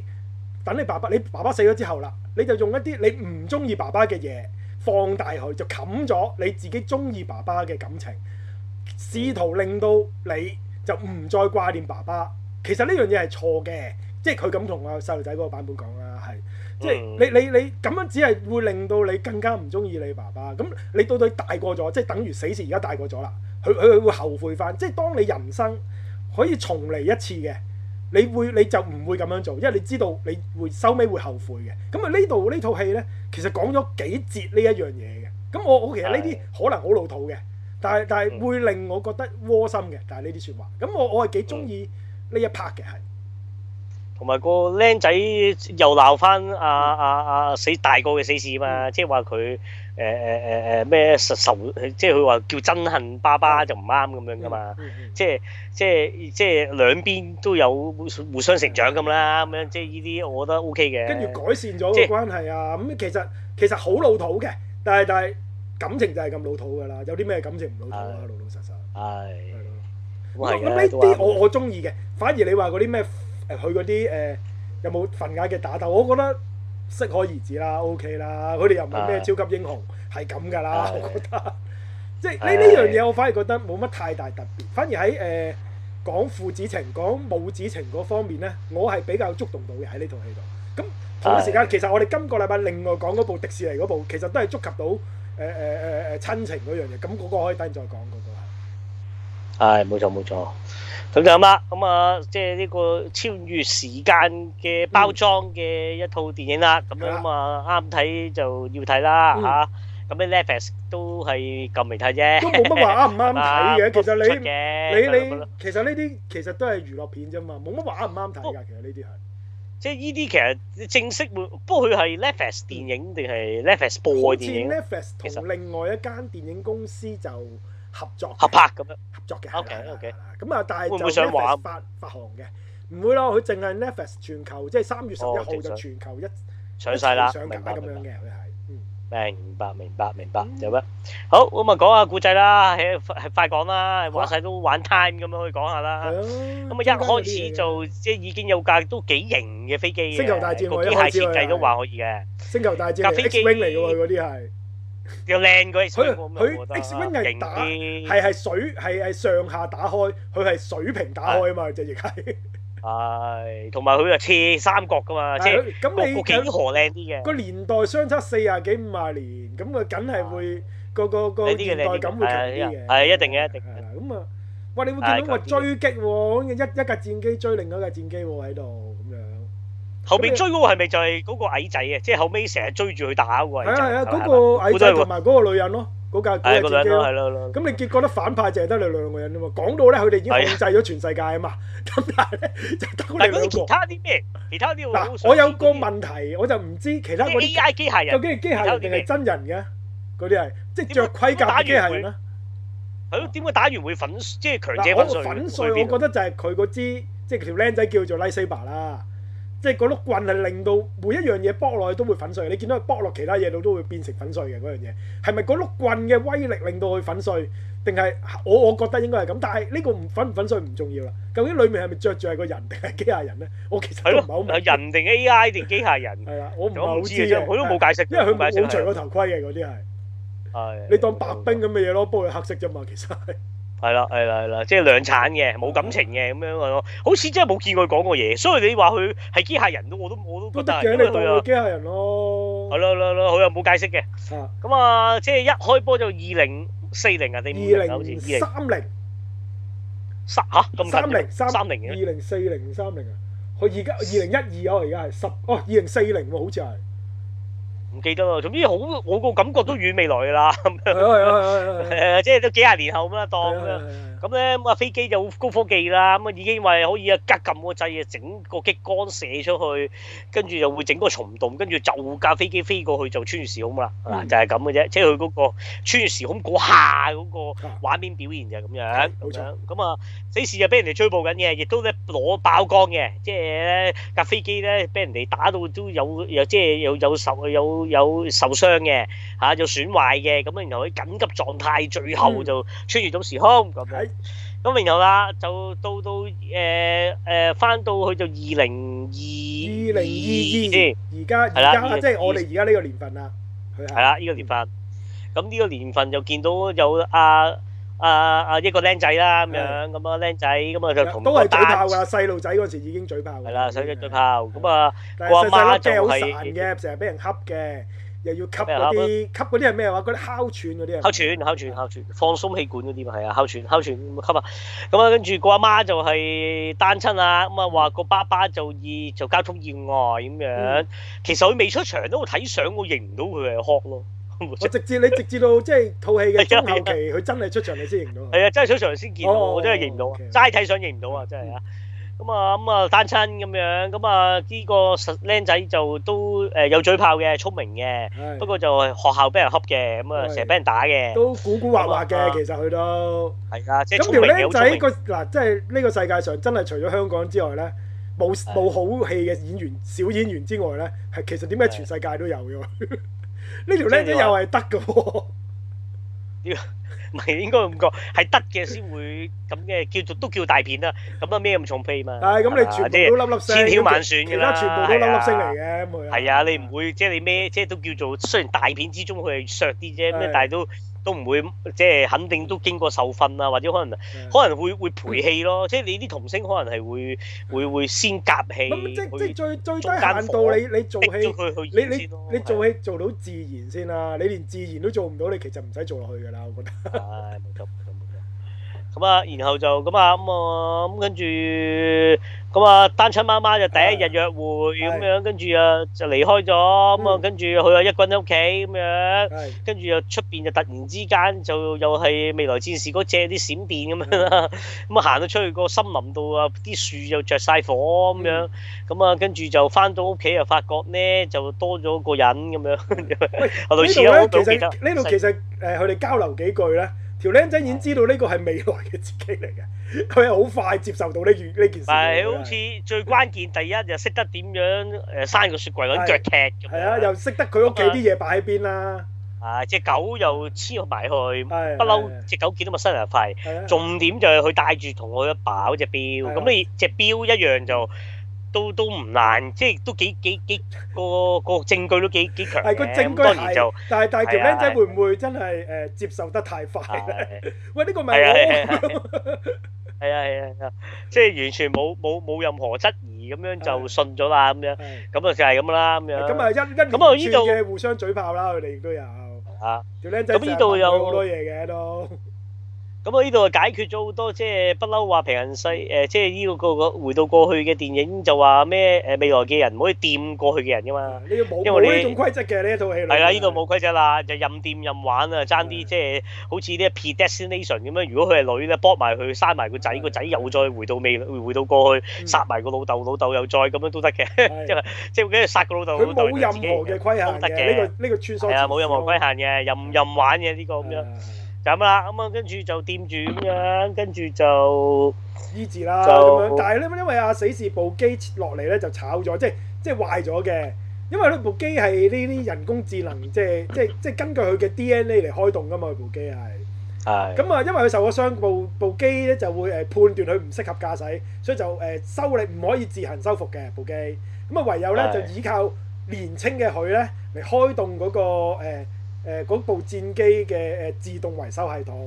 等你爸爸，你爸爸死咗之後啦，你就用一啲你唔中意爸爸嘅嘢放大佢，就冚咗你自己中意爸爸嘅感情，試圖令到你就唔再掛念爸爸。其實呢樣嘢係錯嘅，即係佢咁同我細路仔嗰個版本講啦，係、嗯、即係你你你咁樣只係會令到你更加唔中意你爸爸。咁你到底大過咗，即係等於死前而家大過咗啦，佢佢佢會後悔返。即係當你人生可以重嚟一次嘅。你會你就唔會咁樣做，因為你知道你會收尾會後悔嘅。咁啊呢度呢套戲呢，其實講咗幾節呢一樣嘢嘅。咁我我其實呢啲可能好老土嘅，但係但係會令我覺得窩心嘅。但係呢啲説話，咁我我係幾中意呢一 part 嘅係。同埋個僆仔又鬧翻阿阿阿死大個嘅死事嘛，即係話佢誒誒誒誒咩仇，即係佢話叫憎恨爸爸就唔啱咁樣噶嘛，即係即係即係兩邊都有互相成長咁啦，咁樣即係呢啲我覺得 O K 嘅，跟住改善咗個關係啊，咁其實其實好老土嘅，但係但係感情就係咁老土噶啦，有啲咩感情唔老土啊？老老實實係係咯，呢啲我我中意嘅，反而你話嗰啲咩？誒佢嗰啲誒有冇份額嘅打鬥，我覺得適可而止啦，OK 啦。佢哋又唔係咩超級英雄，係咁噶啦。我覺得即係呢呢樣嘢，我反而覺得冇乜太大特別。反而喺誒講父子情、講母子情嗰方面咧，我係比較觸動到嘅喺呢套戲度。咁同一時間，其實我哋今個禮拜另外講嗰部迪士尼嗰部，其實都係觸及到誒誒誒誒親情嗰樣嘢。咁嗰個可以等陣再講嗰個係。係冇錯冇錯。咁就咁啦，咁啊，即係呢個超越時間嘅包裝嘅一套電影啦，咁樣啊，啱睇就要睇啦，嚇。咁你 Netflix 都係咁未睇啫。都冇乜話啱唔啱睇嘅，其實你你你，其實呢啲其實都係娛樂片啫嘛，冇乜話啱唔啱睇㗎。其實呢啲係即係呢啲其實正式會，不過佢係 Netflix 電影定係 Netflix 播嘅電影。好似 Netflix 同另外一間電影公司就。合作合拍咁樣合作嘅，OK OK 啦。咁啊，但係會唔會上畫發發行嘅？唔會咯，佢淨係 Netflix 全球，即係三月十一號就全球一上曬啦，上架咁樣嘅佢係。明白明白明白，有乜好？我咪講下古仔啦，係係快講啦，話曬都玩 time 咁樣，可以講下啦。咁啊，一開始就即係已經有架都幾型嘅飛機嘅，個機械設計都還可以嘅。星球大戰架 X wing 嚟嘅喎，嗰啲係。又靚過翼水波咁啊！佢佢 X wing 係打係係水係係上下打開，佢係水平打開啊嘛，隻翼係。係，同埋佢又似三角噶嘛，斜個幾何靚啲嘅。個年代相差四廿幾五十年，咁佢梗係會個個個年代感會強啲嘅。係一定嘅，一定嘅。咁啊，哇！你會見到個追擊喎，一一架戰機追另一架戰機喎喺度。後邊追嗰個係咪就係嗰個矮仔啊？即係後尾成日追住佢打嗰個係。係啊係啊，嗰個矮仔同埋嗰個女人咯，嗰架女人咯，係咯。咁你結果得反派淨係得你兩個人啫嘛？講到咧，佢哋已經控制咗全世界啊嘛。咁但係咧，就得你兩個。其他啲咩？其他啲嗱，我有個問題，我就唔知其他啲 AI 機械人究竟係機械定係真人嘅？嗰啲係即係着盔甲打機械人啦。好，點解打完會粉？即係強者粉碎。我覺得就係佢嗰支，即係條僆仔叫做 lightsaber 啦。即係嗰碌棍係令到每一樣嘢剝落去都會粉碎，你見到佢剝落其他嘢度都會變成粉碎嘅嗰樣嘢，係咪嗰碌棍嘅威力令到佢粉碎？定係我我覺得應該係咁，但係呢個唔粉唔粉碎唔重要啦。究竟裡面係咪著住係個人定係機械人咧？我其實都唔係好明係人定 AI 定機械人？係啦，我唔係好知啊，佢都冇解釋，因為佢冇除咗頭盔嘅嗰啲係係你當白冰白兵咁嘅嘢咯，不過佢黑色啫嘛，其實係。係啦，係啦，係啦，即係量產嘅，冇感情嘅咁樣咯，好似真係冇見佢講過嘢，所以你話佢係機械人都，我都我都覺得係機械人咯。係咯，係咯，佢又冇解釋嘅。咁啊，即係一開波就二零四零啊，定二零啊，好似二零三零。吓，三零三零二零四零三零啊！佢而家二零一二啊，而家係十哦，二零四零喎，好似係。唔記得咯，總之好，我個感覺都遠未來㗎啦，咁樣， 即係都幾廿年後咁啦，當咁咧，咁啊飛機就好高科技啦，咁啊已經話可以啊急撳個掣啊，整個激光射出去，跟住又會整個蟲洞，跟住就架飛機飛過去就穿越時空啦，係嘛？就係咁嘅啫，即係佢嗰個穿越時空嗰下嗰個畫面表現就係咁樣。咁啊，死侍就俾人哋追捕緊嘅，亦都咧攞爆光嘅，即係咧架飛機咧俾人哋打到都有又即係有有受有有受傷嘅，嚇就損壞嘅，咁啊然後喺緊急狀態最後就穿越到時空咁樣。咁然後啦，就到到誒誒，翻到去就二零二二零二二先，而家係啦，即係我哋而家呢個年份啦，係啦，呢個年份，咁呢個年份就見到有阿阿阿一個僆仔啦，咁樣，咁啊僆仔，咁啊就同都係嘴炮噶，細路仔嗰時已經嘴炮，係啦，想做嘴炮，咁啊個阿媽就係成日俾人恰嘅。又要吸吸嗰啲係咩話？嗰啲哮喘啲啊。哮喘、哮喘、哮喘，放鬆氣管嗰啲嘛，係啊，哮喘、哮喘，吸啊。咁啊，跟住個阿媽就係單親啦，咁啊話個爸爸就意就交通意外咁樣。其實佢未出場都會睇相，我認唔到佢係哭咯。我直至你直至到即係套戲嘅中後期，佢真係出場你先認到。係啊，真係出場先見到，我真係認到。到，齋睇相認唔到啊，真係啊。咁啊咁啊單親咁樣，咁啊呢個實僆仔就都誒、呃、有嘴炮嘅，聰明嘅，的不過就學校俾人恰嘅，咁啊成日俾人打嘅，都古古惑惑嘅。啊、其實佢都，係啊，咁條僆仔個嗱，即係呢個世界上真係除咗香港之外咧，冇冇的好戲嘅演員、小演員之外咧，係其實點解全世界都有嘅？呢條僆仔又係得㗎喎。 唔係 應該咁講，係得嘅先會咁嘅叫做都叫大片啦、啊。咁啊咩咁重屁嘛？係咁，你全部都粒粒星，千挑萬選㗎啦，全部都粒粒星嚟嘅。係啊，人啊，你唔會即係你咩，即係都叫做雖然大片之中佢係削啲啫，咩的但係都。都唔會，即係肯定都經過受訓啊，或者可能的可能會會陪戲咯，的即係是你啲童星可能係會會會先夾戲。即即最最低限度你你做戲，你你你，你，你做戲做到自然先啦，的你連自然都做唔到，你其實唔使做落去㗎啦，我覺得。係冇錯。 咁啊，然後就咁啊，咁啊，咁跟住，咁啊單親媽媽就第一日約會咁樣，跟住啊就離開咗，咁啊跟住佢啊一個人喺屋企咁樣，跟住又出邊就突然之間就又係未來戰士嗰隻啲閃電咁樣啦，咁啊行到出去個森林度啊，啲樹又着晒火咁樣，咁啊跟住就翻到屋企又發覺呢，就多咗個人咁樣。喂，似度咧其實呢度其實誒佢哋交流幾句咧。條僆仔已經知道呢個係未來嘅自己嚟嘅，佢係好快接受到呢件呢件事。係是好似最關鍵，第一就識 得點樣誒，閂、呃、個雪櫃揾腳踢咁樣。係啊，又識得佢屋企啲嘢擺喺邊啦。係隻、啊啊、狗又黐埋去，不嬲隻狗見到陌生人吠。啊、重點就係佢帶住同我阿爸嗰隻錶，咁、啊、你隻錶一樣就。都都唔難，即係都幾幾幾個個證據都幾幾強嘅。係個證據當然就，但係但係條靚仔會唔會真係誒接受得太快咧？喂，呢個問題係啊係啊，即係完全冇冇冇任何質疑咁樣就信咗啦咁樣，咁就就係咁啦咁樣。咁啊，一一年半嘅互相嘴炮啦，佢哋亦都有啊條靚仔，咁依度有好多嘢嘅都。咁啊！呢度解決咗好多，即係不嬲話平行世，誒，即係呢個個個回到過去嘅電影就話咩誒未來嘅人唔可以掂過去嘅人噶嘛。因為呢種規則嘅呢套戲係啦，呢度冇規則啦，就任掂任玩啊，爭啲即係好似啲 Predestination 咁樣。如果佢係女咧，搏埋佢生埋個仔，個仔又再回到未，回到過去殺埋個老豆，老豆又再咁樣都得嘅。即係即係，跟住殺個老豆，老豆冇任何嘅規限嘅呢個呢個穿梭。係啊，冇任何規限嘅，任任玩嘅呢個咁樣。咁啦，咁啊跟住就掂住咁樣，跟住就醫治啦就咁樣。但係咧，因為阿、啊、死士部機落嚟咧就炒咗，即係即係壞咗嘅。因為咧部機係呢啲人工智能，即係即係即係根據佢嘅 DNA 嚟開動㗎嘛部係部，部機係。係。咁啊，因為佢受咗傷，部部機咧就會誒判斷佢唔適合駕駛，所以就誒修、呃、理唔可以自行修復嘅部機。咁啊，唯有咧就依靠年青嘅佢咧嚟開動嗰、嗰個、呃誒嗰、呃、部戰機嘅誒、呃、自動維修系統，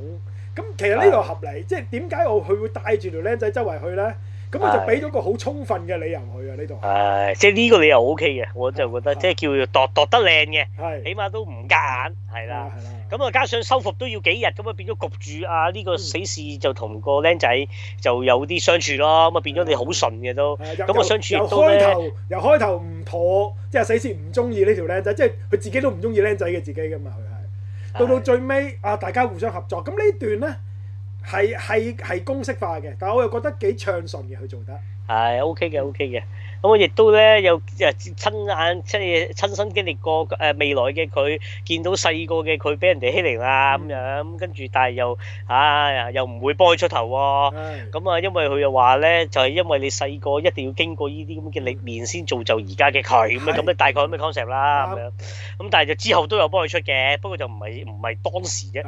咁其實呢個合理，嗯、即係點解我佢會帶住條僆仔周圍去呢？咁啊就俾咗個好充分嘅理由去啊呢度，誒即係呢個理由 O K 嘅，我就覺得是、啊、即係叫做度度得靚嘅，是啊、起碼都唔夾眼，係啦，咁啊加上修復都要幾日，咁啊變咗焗住啊呢個死侍就同個僆仔就有啲相處咯，咁是啊變咗你好順嘅都，咁我相處呢由開頭由開頭唔妥，即、就、係、是、死侍唔中意呢條僆仔，即係佢自己都唔中意僆仔嘅自己噶嘛，佢係到到最尾啊大家互相合作，咁呢段咧？係係係公式化嘅，但係我又覺得幾暢順嘅佢做得。係 OK 嘅，OK 嘅。咁我亦都咧，有誒親眼即係親身經歷過誒未來嘅佢、嗯，見到細個嘅佢俾人哋欺凌啦咁樣，跟住但係又唉，又唔會幫佢出頭喎、哦。咁啊，因為佢又話咧，就係、是、因為你細個一定要經過呢啲咁嘅歷練，先造就而家嘅佢咁嘅咁嘅大概咁嘅 concept 啦咁樣。咁是的 但係就之後都有幫佢出嘅，不過就唔係唔係當時啫，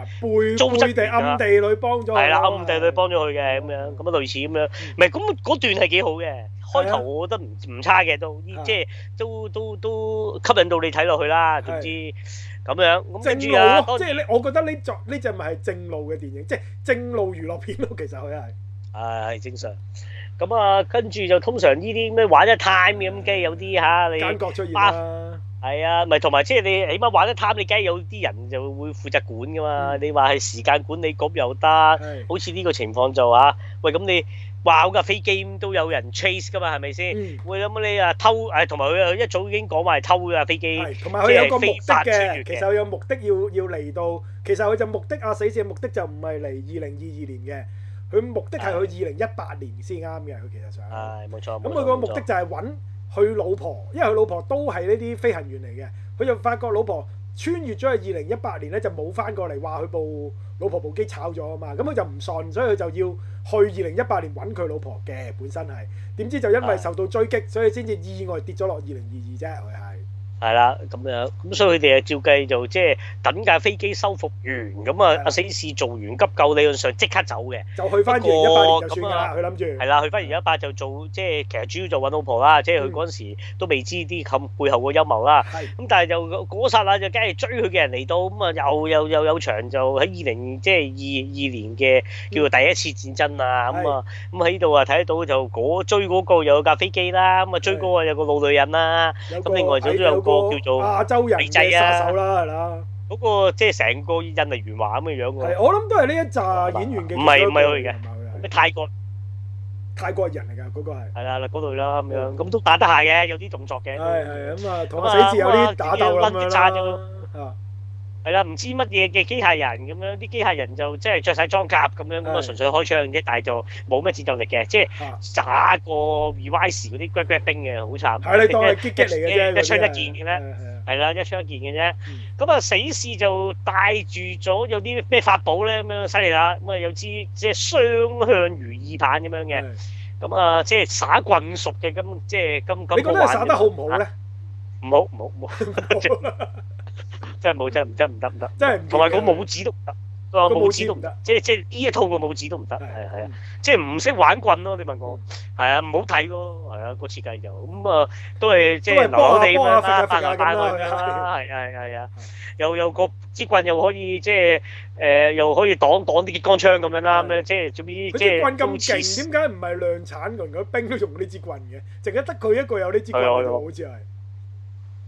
背背地暗地裏幫咗。係啦，暗地裏幫咗佢嘅咁樣，咁啊類似咁樣。唔係咁段係幾好嘅。開頭我覺得唔唔差嘅，都依、啊、即係都都都吸引到你睇落去啦。總之咁是樣咁、嗯、路跟住、啊、即係咧，我覺得呢作呢隻咪係正路嘅電影，即係正路娛樂片咯。其實佢係，係、啊、正常。咁、嗯、啊，跟住就通常呢啲咩玩得 time 咁機有啲吓、啊、你感覺出現係啊，咪同埋即係你起碼玩得貪，你梗係有啲人就會負責管㗎嘛。你話係時間管理噉又得，好似呢個情況就話。喂，咁你話好架飛機都有人 chase 㗎嘛？係咪先？喂，咁你啊偷誒，同埋佢一早已經講話係偷架飛機，同埋佢有個目的嘅。其實佢有目的要要嚟到，其實佢就目的啊死線目的就唔係嚟二零二二年嘅，佢目的係去二零一八年先啱嘅。佢其實想係冇錯，咁佢個目的就係揾佢老婆，因為佢老婆都係呢啲飛行員嚟嘅，佢就發覺老婆穿越咗去二零一八年咧，就冇翻過嚟話佢部老婆部機炒咗啊嘛，咁佢就唔信，所以佢就要去二零一八年揾佢老婆嘅，本身係點知就因為受到追擊，所以先至意外跌咗落二零二二啫，佢。咪係啦，咁樣咁所以佢哋啊照計就即係等架飛機修復完，咁啊啊死士做完急救理論上即刻走嘅。就去翻二一八就係佢諗住係啦，去翻二一八就做即係其實主要就揾老婆啦，即係佢嗰陣時都未知啲冚背後嘅陰謀啦。咁但係就嗰剎那就梗係追佢嘅人嚟到，咁啊又又又有場就喺二零即係二二年嘅叫做第一次戰爭啊，咁啊咁喺度啊睇到就追嗰個又有架飛機啦，咁啊追嗰個有個老女人啦，咁另外仲都有。個叫做亞洲人制殺手啦，係啦，嗰個即係成個印尼元華咁嘅樣。係，我諗都係呢一紮演員嘅。唔係唔係佢嘅，泰國泰國人嚟㗎，嗰個係。係啦，嗰度啦咁樣，咁都打得下嘅，有啲動作嘅。係係，咁啊，同埋死字有啲打鬥啦。係啦，唔知乜嘢嘅機械人咁樣，啲機械人就即係着晒裝甲咁樣咁啊，純粹開槍啫，但係就冇咩戰鬥力嘅，即係耍個 revis 嗰啲 g r e 兵嘅，好慘。係你嚟嘅一槍一件嘅咧，係啦，一槍一件嘅啫。咁啊、嗯嗯嗯，死侍就帶住咗有啲咩法寶咧，咁樣犀利啦。咁啊，有支即係雙向如意棒咁樣嘅，咁啊的，即係耍棍術嘅，咁即係咁咁。你覺得，佢耍得好唔好咧？唔、啊、好，唔好，唔好。真係冇，真係唔真唔得唔得，同埋個拇指都得，個拇指都唔得，即係即係呢一套個拇指都唔得，係係啊，即係唔識玩棍咯，你問我，係啊唔好睇咯，係啊個設計就咁啊，都係即係羅羅地咁啦，單嚟單去啦，係係係啊，又又個支棍又可以即係誒，又可以擋擋啲激光槍咁樣啦，咁樣即係總之即係。支棍咁勁，點解唔係量產㗎？連個兵都用呢支棍嘅，淨係得佢一個有呢支棍嘅，好似係。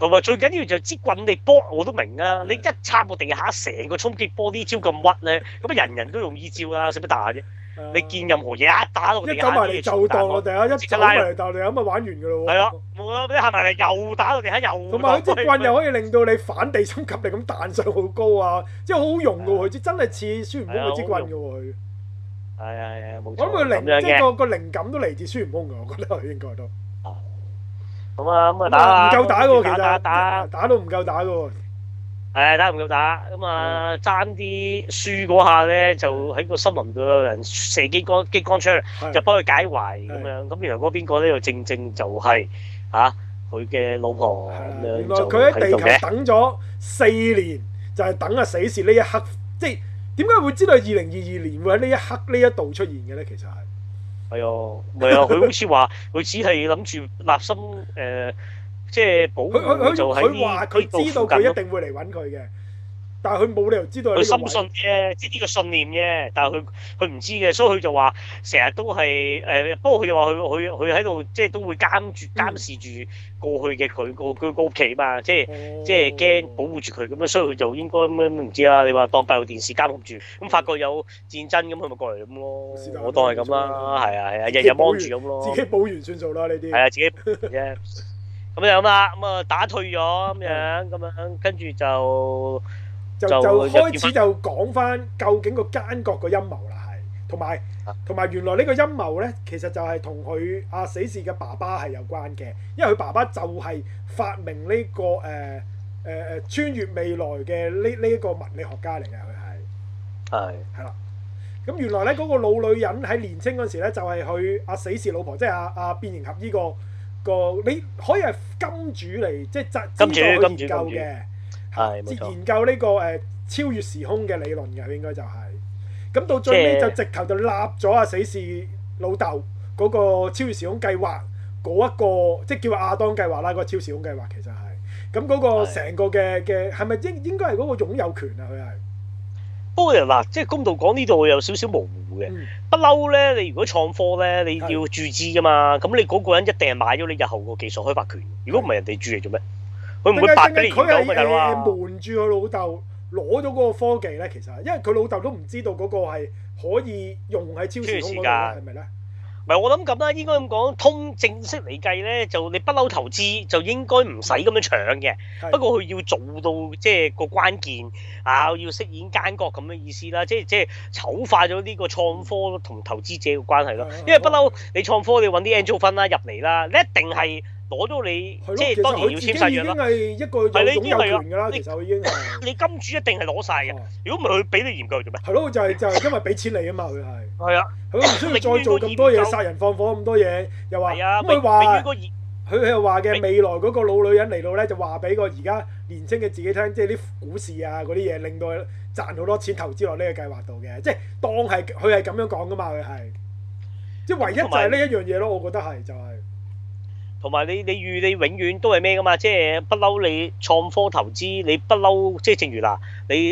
同埋最緊要就支棍你波我都明啊！你一插我地下，成個衝擊波呢招咁屈咧，咁人人都用依招啦，使乜打啫？你見任何嘢一打到地下，一走埋嚟就當我哋啊！一走埋嚟就嚟咁啊，玩完噶咯喎！係啊，冇啊，你行埋嚟又打到地下，又咁啊！支棍又可以令到你反地心吸力咁彈上好高啊！即係好好用噶喎，佢真係似孫悟空嗰支棍噶喎，佢係係啊，冇錯。咁佢靈即係個個靈感都嚟自孫悟空嘅，我覺得佢應該都。咁啊，咁啊，打打打打都唔夠打嘅喎，係打唔夠打，咁啊，爭啲輸嗰下咧，就喺個森林度有人射激光激光槍，就幫佢解圍咁樣。咁原來嗰邊個咧就正正就係吓佢嘅老婆，原來佢喺地球等咗四年，就係等啊死時呢一刻，即係點解會知道二零二二年會喺呢一刻呢一度出現嘅咧？其實係。係啊，唔係佢好似話佢只係諗住立心誒，即、呃、係、就是、保護就喺呢度附近，一定會嚟揾佢嘅。但係佢冇理由知道，佢深信啫，即係呢個信念啫。但係佢佢唔知嘅，所以佢就話成日都係誒、呃。不過佢就話佢佢佢喺度，即係都會監住、嗯、監視住過去嘅佢個佢個屋企嘛，即係即係驚保護住佢咁啊。所以佢就應該咩唔知啦。你話當閉路電視監控住咁，發覺有戰爭咁，佢咪過嚟咁咯。我當係咁啦，係啊係啊，日日幫住咁咯自。自己保完算數啦呢啲。係啊，自己。咁又點啊？咁啊，打退咗咁樣，咁、嗯、樣，樣，樣，樣 跟住就。就就開始就講返究竟個奸角個陰謀啦，係同埋同埋原來呢個陰謀呢，其實就係同佢阿死侍嘅爸爸係有關嘅，因為佢爸爸就係發明呢個誒誒呃呃穿越未來嘅呢呢一個物理學家嚟嘅，佢係係係啦。咁原來呢嗰個老女人喺年青嗰陣時咧，就係佢阿死侍老婆，即係阿阿變形俠呢個個你可以係金主嚟，即係集資可以研究嘅。即研究呢、這個誒、呃、超越時空嘅理論嘅，應該就係、是。咁到最尾就直頭就立咗阿死侍老豆嗰個超越時空計劃嗰一個，即叫亞當計劃啦，嗰、那個超越時空計劃其實係、就是。咁嗰個成個嘅嘅係咪應應該係嗰個擁有權啊？佢係。不過嗱，即係公道講呢度有少少模糊嘅。不嬲咧，你如果創科咧，你要注資噶嘛。咁的你嗰個人一定係買咗你日後個技術開發權。如果唔係，人哋注嚟做咩？佢會唔會白雞？佢係誒誒瞞住佢老豆攞咗嗰個科技咧？其實，因為佢老豆都唔知道嗰個係可以用喺超時空,時間是是，係咪咧？唔係，我諗咁啦，應該咁講，通正式嚟計咧，就你不嬲投資就應該唔使咁樣搶嘅。是的 不過佢要做到即係、就是、個關鍵是的 啊，要飾演奸角咁嘅意思啦，即係即係醜化咗呢個創科同投資者嘅關係咯。是的是的因為不嬲你創科，你搵啲 Angel 分啦入嚟啦，你一定係。攞到你，即係當然已經係一個有種有權㗎啦。其實，佢已經係。你金主一定係攞晒嘅。如果唔係佢俾你研究做咩？係咯，就係就係因為俾錢你啊嘛，佢係。係啊。佢唔需要再做咁多嘢，殺人放火咁多嘢，又話。係啊。唔係話佢又話嘅未來嗰個老女人嚟到咧，就話俾個而家年輕嘅自己聽，即係啲股市啊嗰啲嘢，令到佢賺好多錢投資落呢個計劃度嘅，即係當係佢係咁樣講噶嘛，佢係。即係唯一就係呢一樣嘢咯，我覺得係就係。同埋你，你預你永遠都係咩噶嘛？即係不嬲你創科投資，你不嬲即係正如嗱，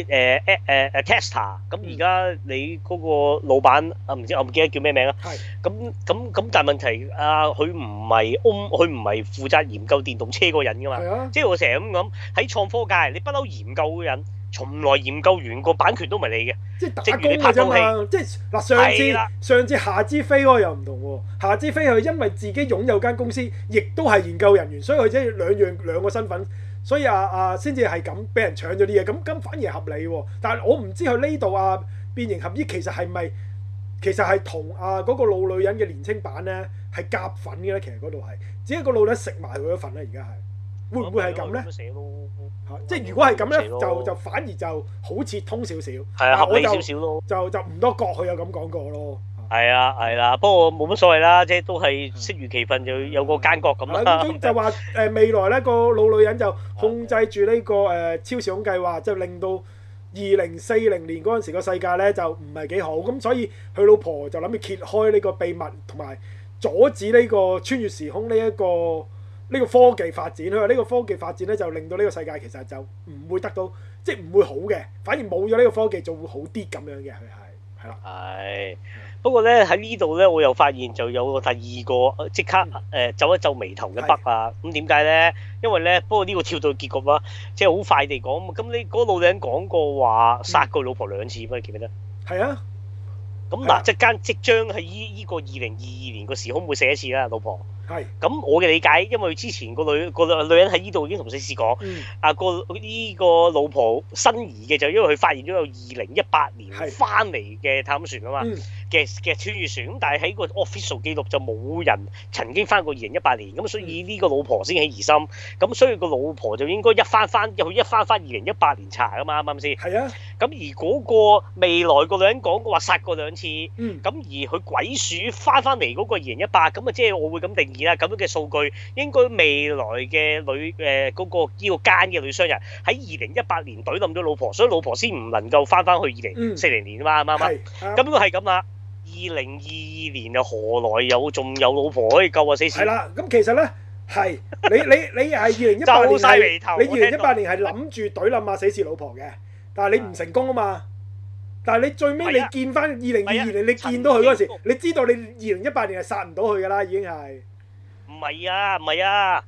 呃呃呃、你誒誒誒 Tesla 咁，而家你嗰個老闆啊，唔知我唔記得叫咩名是啊，係。咁咁咁，但係問題啊，佢唔係 Om，佢唔係負責研究電動車嗰人噶嘛。係啊。即係我成日咁諗喺創科界，你不嬲研究嗰人。從來研究員個版權都唔係你嘅，即係打工啊嘛！即係嗱，上次、的上次夏之飛嗰個又唔同喎，夏之飛係因為自己擁有間公司，亦都係研究人員，所以佢即係兩樣兩個身份，所以啊啊先至係咁俾人搶咗啲嘢，咁咁反而合理喎。但係我唔知佢呢度啊變形俠醫其實係咪其實係同啊嗰、那個老女人嘅年青版咧係夾份嘅咧，其實嗰度係，只係個老女人食埋佢一份咧，而家係。會唔會係咁咧？嚇，即係如果係咁咧，就就反而就好似通少少。係啊，合理少少咯。就就唔多覺佢有咁講過咯。係啊，係啦，不過冇乜所謂啦，即係都係適如其分，就有個間隔咁啦。咁就話誒未來呢個老女人就控制住呢個誒超時空計劃，即係令到二零四零年嗰陣時個世界呢就唔係幾好，咁所以佢老婆就諗住揭開呢個秘密同埋阻止呢個穿越時空呢一個。呢個科技發展，佢話呢個科技發展咧就令到呢個世界其實就唔會得到，即係唔會好嘅，反而冇咗呢個科技就會好啲咁樣嘅。佢係係咯，係不過咧喺呢度咧，我又發現就有個第二個即刻誒，皺、呃、一皺眉頭嘅筆是啊！咁點解咧？因為咧，不過呢個跳到結局啦，即係好快地講，咁你嗰老頂講過話殺過老婆兩次，嗯、你記唔記得？係啊，咁嗱那、啊啊，即間即將係依依個二零二二年個時可唔可以寫一次啦，老婆。係，咁我嘅理解，因為之前個女、個女人喺呢度已經同史事講，嗯、啊個呢、呢個老婆新兒嘅就因為佢發現咗有二零一八年翻嚟嘅探險船啊嘛。嗯嗯嘅嘅穿越船咁，但係喺個 official 記錄就冇人曾經翻過二零一八年，咁所以呢個老婆先起疑心。咁所以個老婆就應該一翻翻，佢一翻翻二零一八年查噶嘛，啱唔啱先？係啊。咁而嗰個未來個女人講嘅話殺過兩次，咁、嗯、而佢鬼鼠翻翻嚟嗰個二零一八，咁啊即係我會咁定義啦。咁樣嘅數據應該未來嘅女誒嗰、呃呢個叫個奸嘅女商人喺二零一八年懟冧咗老婆，所以老婆先唔能夠翻翻去二零四零年啊嘛，啱唔啱？咁應該係咁啦。嗯。二零二二年啊何來有仲有老婆可以救啊！死侍係啦，咁其實咧係你你你係二零一八年，你二零一八年係諗住懟冧阿死侍老婆嘅，但係你唔成功啊嘛。但係你最尾你見翻二零二二年，你見到佢嗰時，你知道你二零一八年係殺唔到佢㗎啦，已經係唔係啊？唔係啊！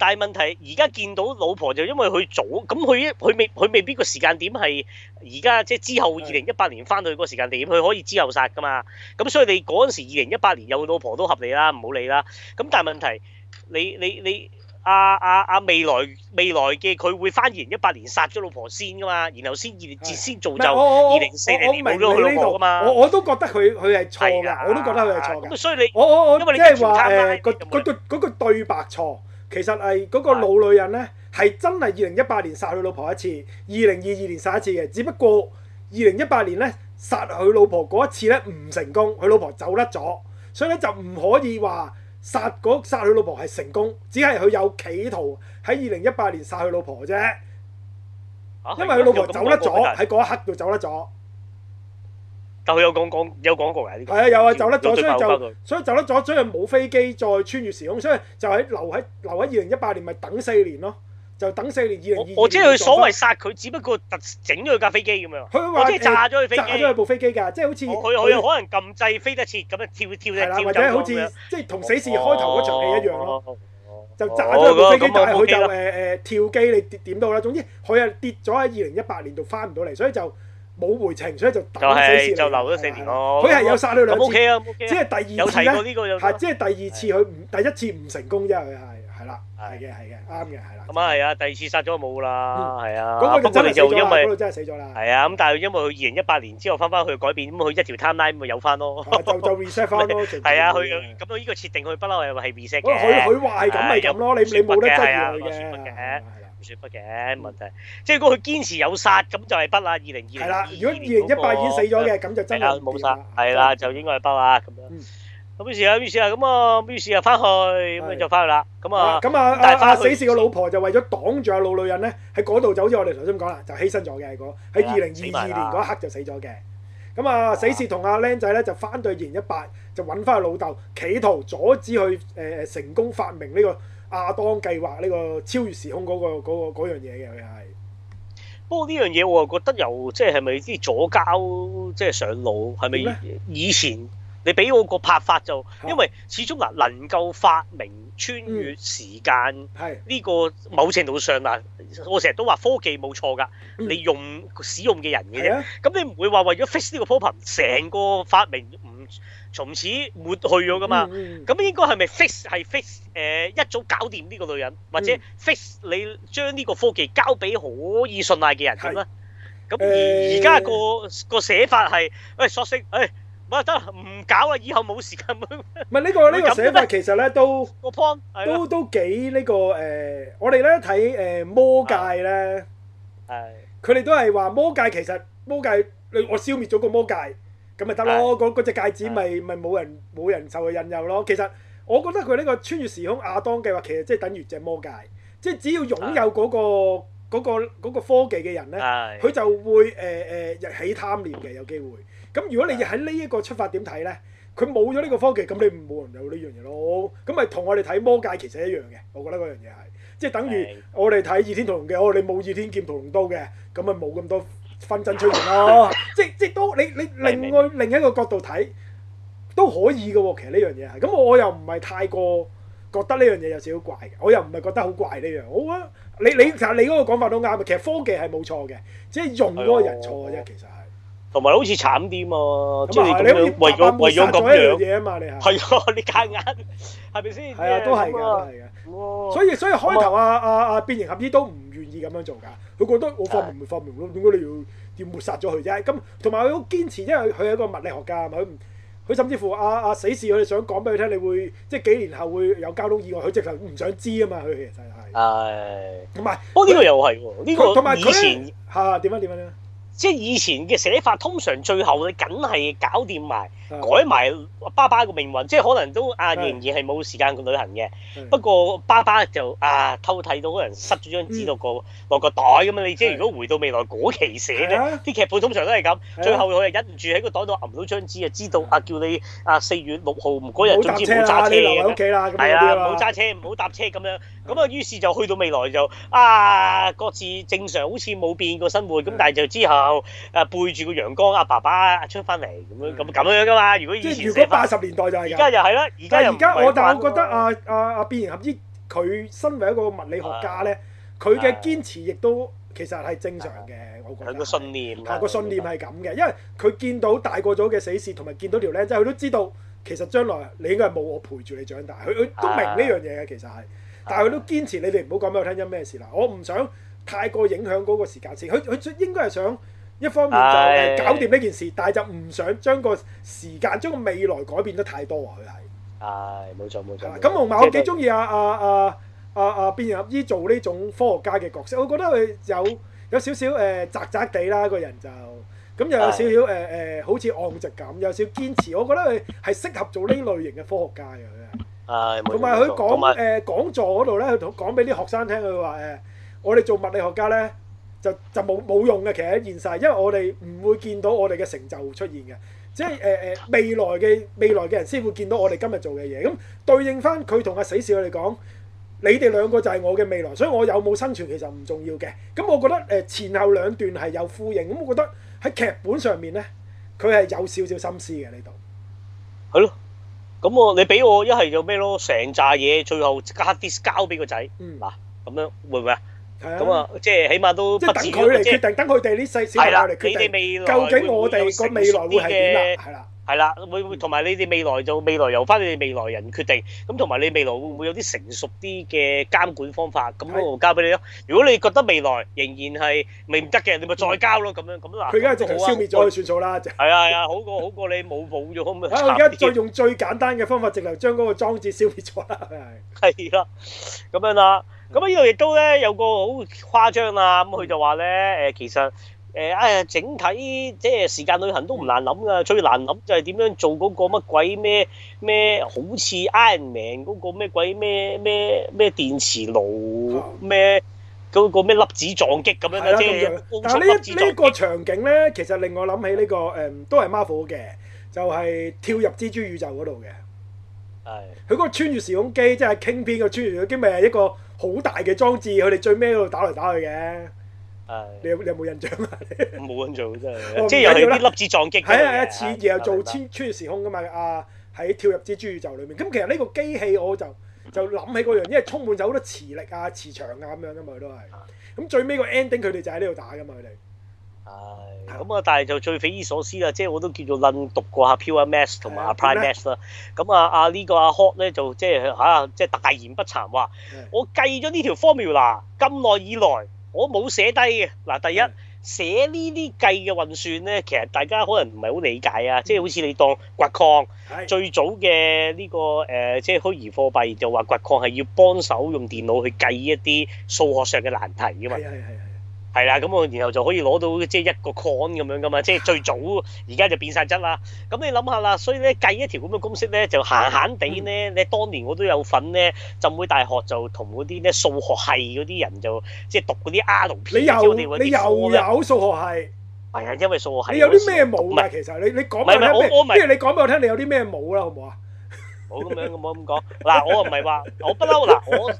但係問題，而家見到老婆就因為佢早咁，佢佢未佢未必個時間點係而家，即係之後二零一八年翻到去個時間點，佢可以之後殺㗎嘛。咁所以你嗰陣時二零一八年有老婆都合理啦，唔好理啦。咁但係問題，你你你啊啊啊，未來未來嘅佢會翻二零一八年殺咗老婆先㗎嘛，然後先至的先造就二零四年冇咗佢老婆㗎嘛。我我都覺得佢佢係錯㗎，我都覺得佢係錯㗎。所以你因為你即係話誒個個個對白錯。其實係嗰個老女人呢，係真係二零一八年殺佢老婆一次，二零二二年殺一次嘅。只不過二零一八年呢，殺佢老婆嗰一次呢，唔成功，佢老婆走甩咗，所以咧就唔可以話殺嗰殺佢老婆係成功，只係佢有企圖喺二零一八年殺佢老婆啫。因為佢老婆走甩咗，喺嗰、啊、一刻就走甩咗。佢有講講有講過嘅，係啊，有啊，走甩咗。所以就所以就咧，所以冇飛機再穿越時空，所以就喺留喺留喺二零一八年，咪等四年咯，就等四年二零二。我知佢所謂殺佢，只不過特整咗佢架飛機咁樣。佢話即係炸咗佢炸咗佢部飛機㗎，即係好似佢可能撳掣飛得切咁樣跳跳啊，或者好似即係同死侍開頭嗰場戲一樣咯，就炸咗佢部飛機，但係佢就誒誒跳機你跌點到啦。總之佢係跌咗喺二零一八年度翻唔到嚟，所以就。冇回程，所以就留咗四年咯。佢係有殺佢兩次，即係第二次咧，係即係第二次佢唔第一次唔成功啫。係係啦，係嘅係嘅，啱嘅。咁啊係啊，第二次殺咗冇啦，係啊。咁佢真係死咗，真係死咗啦。係啊，咁但係因為佢二零一八年之後翻翻去改變，咁佢一條 time line 咪有翻咯，就就 reset 翻咯。係啊，佢咁到呢個設定，佢不嬲係係 reset 嘅。佢佢話係咁咪咁咯，你你冇得再嘅。唔算不嘅，冇問題。即係如果佢堅持有殺，咁就係不啦。二零二零。係啦，如果二零一八已經死咗嘅，咁就真係冇殺。係啦，就應該係不啦。咁樣。咁於是啊，於是啊，咁啊，於是啊，翻去咁就翻去啦。咁啊，咁啊，但係阿死侍個老婆就為咗擋住阿老女人咧，喺嗰度就好似我哋頭先咁講啦，就犧牲咗嘅喺二零二二年嗰一刻就死咗嘅。咁啊，死侍同阿僆仔咧就翻到二零一八，就揾翻個老豆，企圖阻止佢誒成功發明呢個亞當計劃呢個超越時空嗰、那個嗰、那個、樣嘢嘅又係，不過呢樣嘢我又覺得又即係咪啲左膠即係上腦？係咪以前你俾我個拍法就，啊、因為始終嗱能夠發明穿越時間呢、嗯、個某程度上嗱，嗯、我成日都話科技冇錯㗎，嗯、你用使用嘅人嘅啫，咁、嗯、你唔會話為咗 fix 呢個 problem，成個發明。從此抹去咗㗎嘛？咁、嗯嗯、應該係咪 fix 係 fix？誒、呃、一早搞掂呢個女人，或者 fix 你將呢個科技交俾可以信賴嘅人咁啦。咁而家個、欸、個寫法係，喂、欸、索性，誒唔得唔搞啦，以後冇時間。唔係呢個呢、呢個寫法其實咧都個 point，都都幾呢、呢個誒、呃？我哋咧睇誒魔界咧，係佢哋都係話魔界其實魔界你我消滅咗個魔界。魔界魔界咁咪得咯，嗰隻戒指咪咪冇人冇人受佢引誘咯。其實我覺得佢呢個穿越時空亞當嘅話，其實即係等於隻魔戒，即係只要擁有嗰、嗰個嗰科技嘅人咧，佢、哎、就會誒誒、呃、日起貪念嘅有機會。咁如果你喺呢一個出發點睇咧，佢冇咗呢個科技，咁你冇人有呢樣嘢咯。咁咪同我哋睇魔戒其實一樣嘅，我覺得嗰樣嘢係即係等於我哋睇倚天屠龍嘅，哦，你冇倚天劍屠龍刀嘅，咁咪冇咁多，紛爭出現咯，啊、 即即都你你另外另一個角度睇都可以嘅喎，啊，其實呢樣嘢係，咁我又唔係太過覺得呢樣嘢有少少怪嘅，我又唔係覺得好怪呢樣，好啊，你你其實你嗰個講法都啱啊，其實科技係冇錯嘅，即係用嗰個人錯嘅啫，其實係。同、哎、埋、哎、好似慘啲嘛，即係咁樣為咗為咗嗰樣嘢啊嘛，你係。係啊，你夾硬係咪先？係啊，都係嘅。所以所以開頭阿阿阿變形俠醫都唔願意咁樣做㗎，佢覺得我發明咪是的 發明咯，點解你要要抹殺咗佢啫？咁同埋佢好堅持，因為佢係一個物理學家啊嘛，佢佢甚至乎阿、啊、阿、啊、死侍，佢哋想講俾佢聽，你會即係幾年後會有交通意外，佢直頭唔想知啊嘛，佢其實係。係。同埋，不過呢個又係喎，呢這個以前嚇點樣點樣呢，即係以前嘅寫法，通常最後你梗係搞掂埋。改埋爸爸嘅命運，即係可能都啊，仍然係冇時間去旅行嘅。是不過爸爸就啊偷睇到有人塞咗張紙落個落、嗯、個袋咁啊！你即係是如果回到未來嗰、那個、期寫呢，啲、啊、劇本通常都係咁。啊、最後佢又忍唔住喺個袋度揞到張紙啊，知道啊叫你啊四月六號嗰日，總之唔好揸車啦，係啊，唔好揸車，唔好搭車咁樣。咁啊，於是就去到未來就啊，各自正常，好似冇變過生活。咁但係就之後啊背住個陽光，啊，爸爸啊，出翻嚟咁樣咁咁、嗯、樣噶。如果即係如果八十年代就係咁、那個、但又係而家我係。但係我覺得啊啊啊變形俠醫佢身為一個物理學家呢，佢嘅、啊、堅持亦都其實係正常嘅。啊、我覺得，念個信念係咁嘅，啊、因為佢見到大過咗嘅死侍同埋見到條僆仔，佢都知道其實將來你應該係冇我陪住你長大。佢佢都明呢樣嘢嘅，其實係，啊、但係佢都堅持、嗯、你哋唔好講俾我聽，因咩事啦？我唔想太過影響嗰個時間線。佢佢應該係想。一方面就係搞掂呢 Ay, 件事，但係就唔想將個時間、將個未來改變得太多。佢係，係冇錯冇錯。咁同埋我幾鍾意啊啊啊啊啊變形俠醫做呢種科學家嘅角色，我覺得佢有有少少誒宅宅地啦，個人就咁 Ay.、呃、又有少少誒誒好似昂直咁，有少少堅持。我覺得佢係適合做呢類型嘅科學家啊。佢係、就是，同埋佢講誒講座嗰度咧，佢同講俾啲學生聽，佢話誒我哋做物理學家咧。就就冇冇用嘅，其實係一件事，因為我哋唔會見到我哋嘅成就出現嘅，即係誒誒未來嘅未來嘅人先會見到我哋今日做嘅嘢。咁對應翻佢同阿死侍佢哋講，你哋兩個就係我嘅未來，所以我有冇生存其實唔重要嘅。咁我覺得誒前後兩段係有呼應，咁我覺得喺劇本上面咧，佢係有少少心思嘅呢度。係咯，咁我你俾我一係就咩咯？成扎嘢最後加啲交俾個仔嗱咁樣，會唔會啊？咁啊，即係起碼都即係等佢嚟決定，等佢哋呢世小朋友嚟決定。係啦，你哋未來究竟我哋個未來會係點啊？係啦，係啦，會會同埋你哋未來就未來由翻你哋未來人決定。咁同埋你未來會唔會有啲成熟啲嘅監管方法？咁我交俾你咯。如果你覺得未來仍然係未唔得嘅，你咪再交咯。咁樣咁難，佢而家直頭消滅咗，算數啦。係啊係啊，好過好過你冇冇咗，可唔可以？我而家再用最簡單嘅方法，直頭將嗰個裝置消滅咗啦。係。係啦，咁樣啦。咁呢度亦都咧有個好誇張啊！咁佢就話咧誒，其實誒啊、呃，整體即係、呃、時間旅行都唔難諗噶，最難諗就係點樣做嗰個乜鬼咩咩，好似 Iron Man 嗰個咩鬼咩咩咩電磁爐咩嗰個咩粒子撞擊咁樣啫。但呢呢個場景咧，其實令我諗起呢、這個誒、嗯、都係 Marvel 嘅，就係、是、跳入蜘蛛宇宙嗰度嘅。係的。佢嗰個穿越時空機，即係 Kingpin 嘅穿越時空機，咪係一個。好大嘅裝置，佢哋最尾嗰度打嚟打去嘅、哎，你有你有冇印象啊？冇印象真係，我說 即係有係啲粒子撞擊嘅。係啊，啊一次又、啊、做、啊、穿穿越時空噶嘛，啊，喺跳入蜘蛛宇宙裡面。咁其實呢個機器我就就諗起嗰樣，因為充滿咗好多磁力啊、磁場啊咁樣噶嘛，佢都係。咁最尾個 ending 佢哋就喺呢度打噶嘛，佢哋。係，咁啊、哎，但係就最匪夷所思啦，即係我都叫做楞讀過下 Pure Maths 同埋 Prime Maths 啦。咁啊，阿呢、啊這個阿 Hot 咧就即係吓、啊，即係大言不慚話，嗯、我計咗呢條 formula 咁耐以來，我冇寫低嘅。嗱，第一、嗯、寫呢啲計嘅運算咧，其實大家可能唔係好理解啊，即係好似你當掘礦，最早嘅呢個誒，即係虛擬貨幣就話掘礦係要幫手用電腦去計一啲數學上嘅難題噶嘛。嗯嗯係啦，咁我然後就可以攞到即係一個 con 咁樣噶嘛，即係最早而家就變晒質啦。咁你諗下啦，所以咧計一條咁嘅公式咧，就閒閒地咧。你、嗯、當年我都有份咧，浸會大學就同嗰啲咧數學系嗰啲人就即係讀嗰啲 R P。你又有數學系，係啊，因為數學系你有啲咩冇啊？其實唔係你你講俾唔係我，我聽，因為我我你講俾我聽，你有啲咩冇啦，好唔好啊？好咁樣，唔好咁講。嗱，我唔係話，我不嬲。嗱，我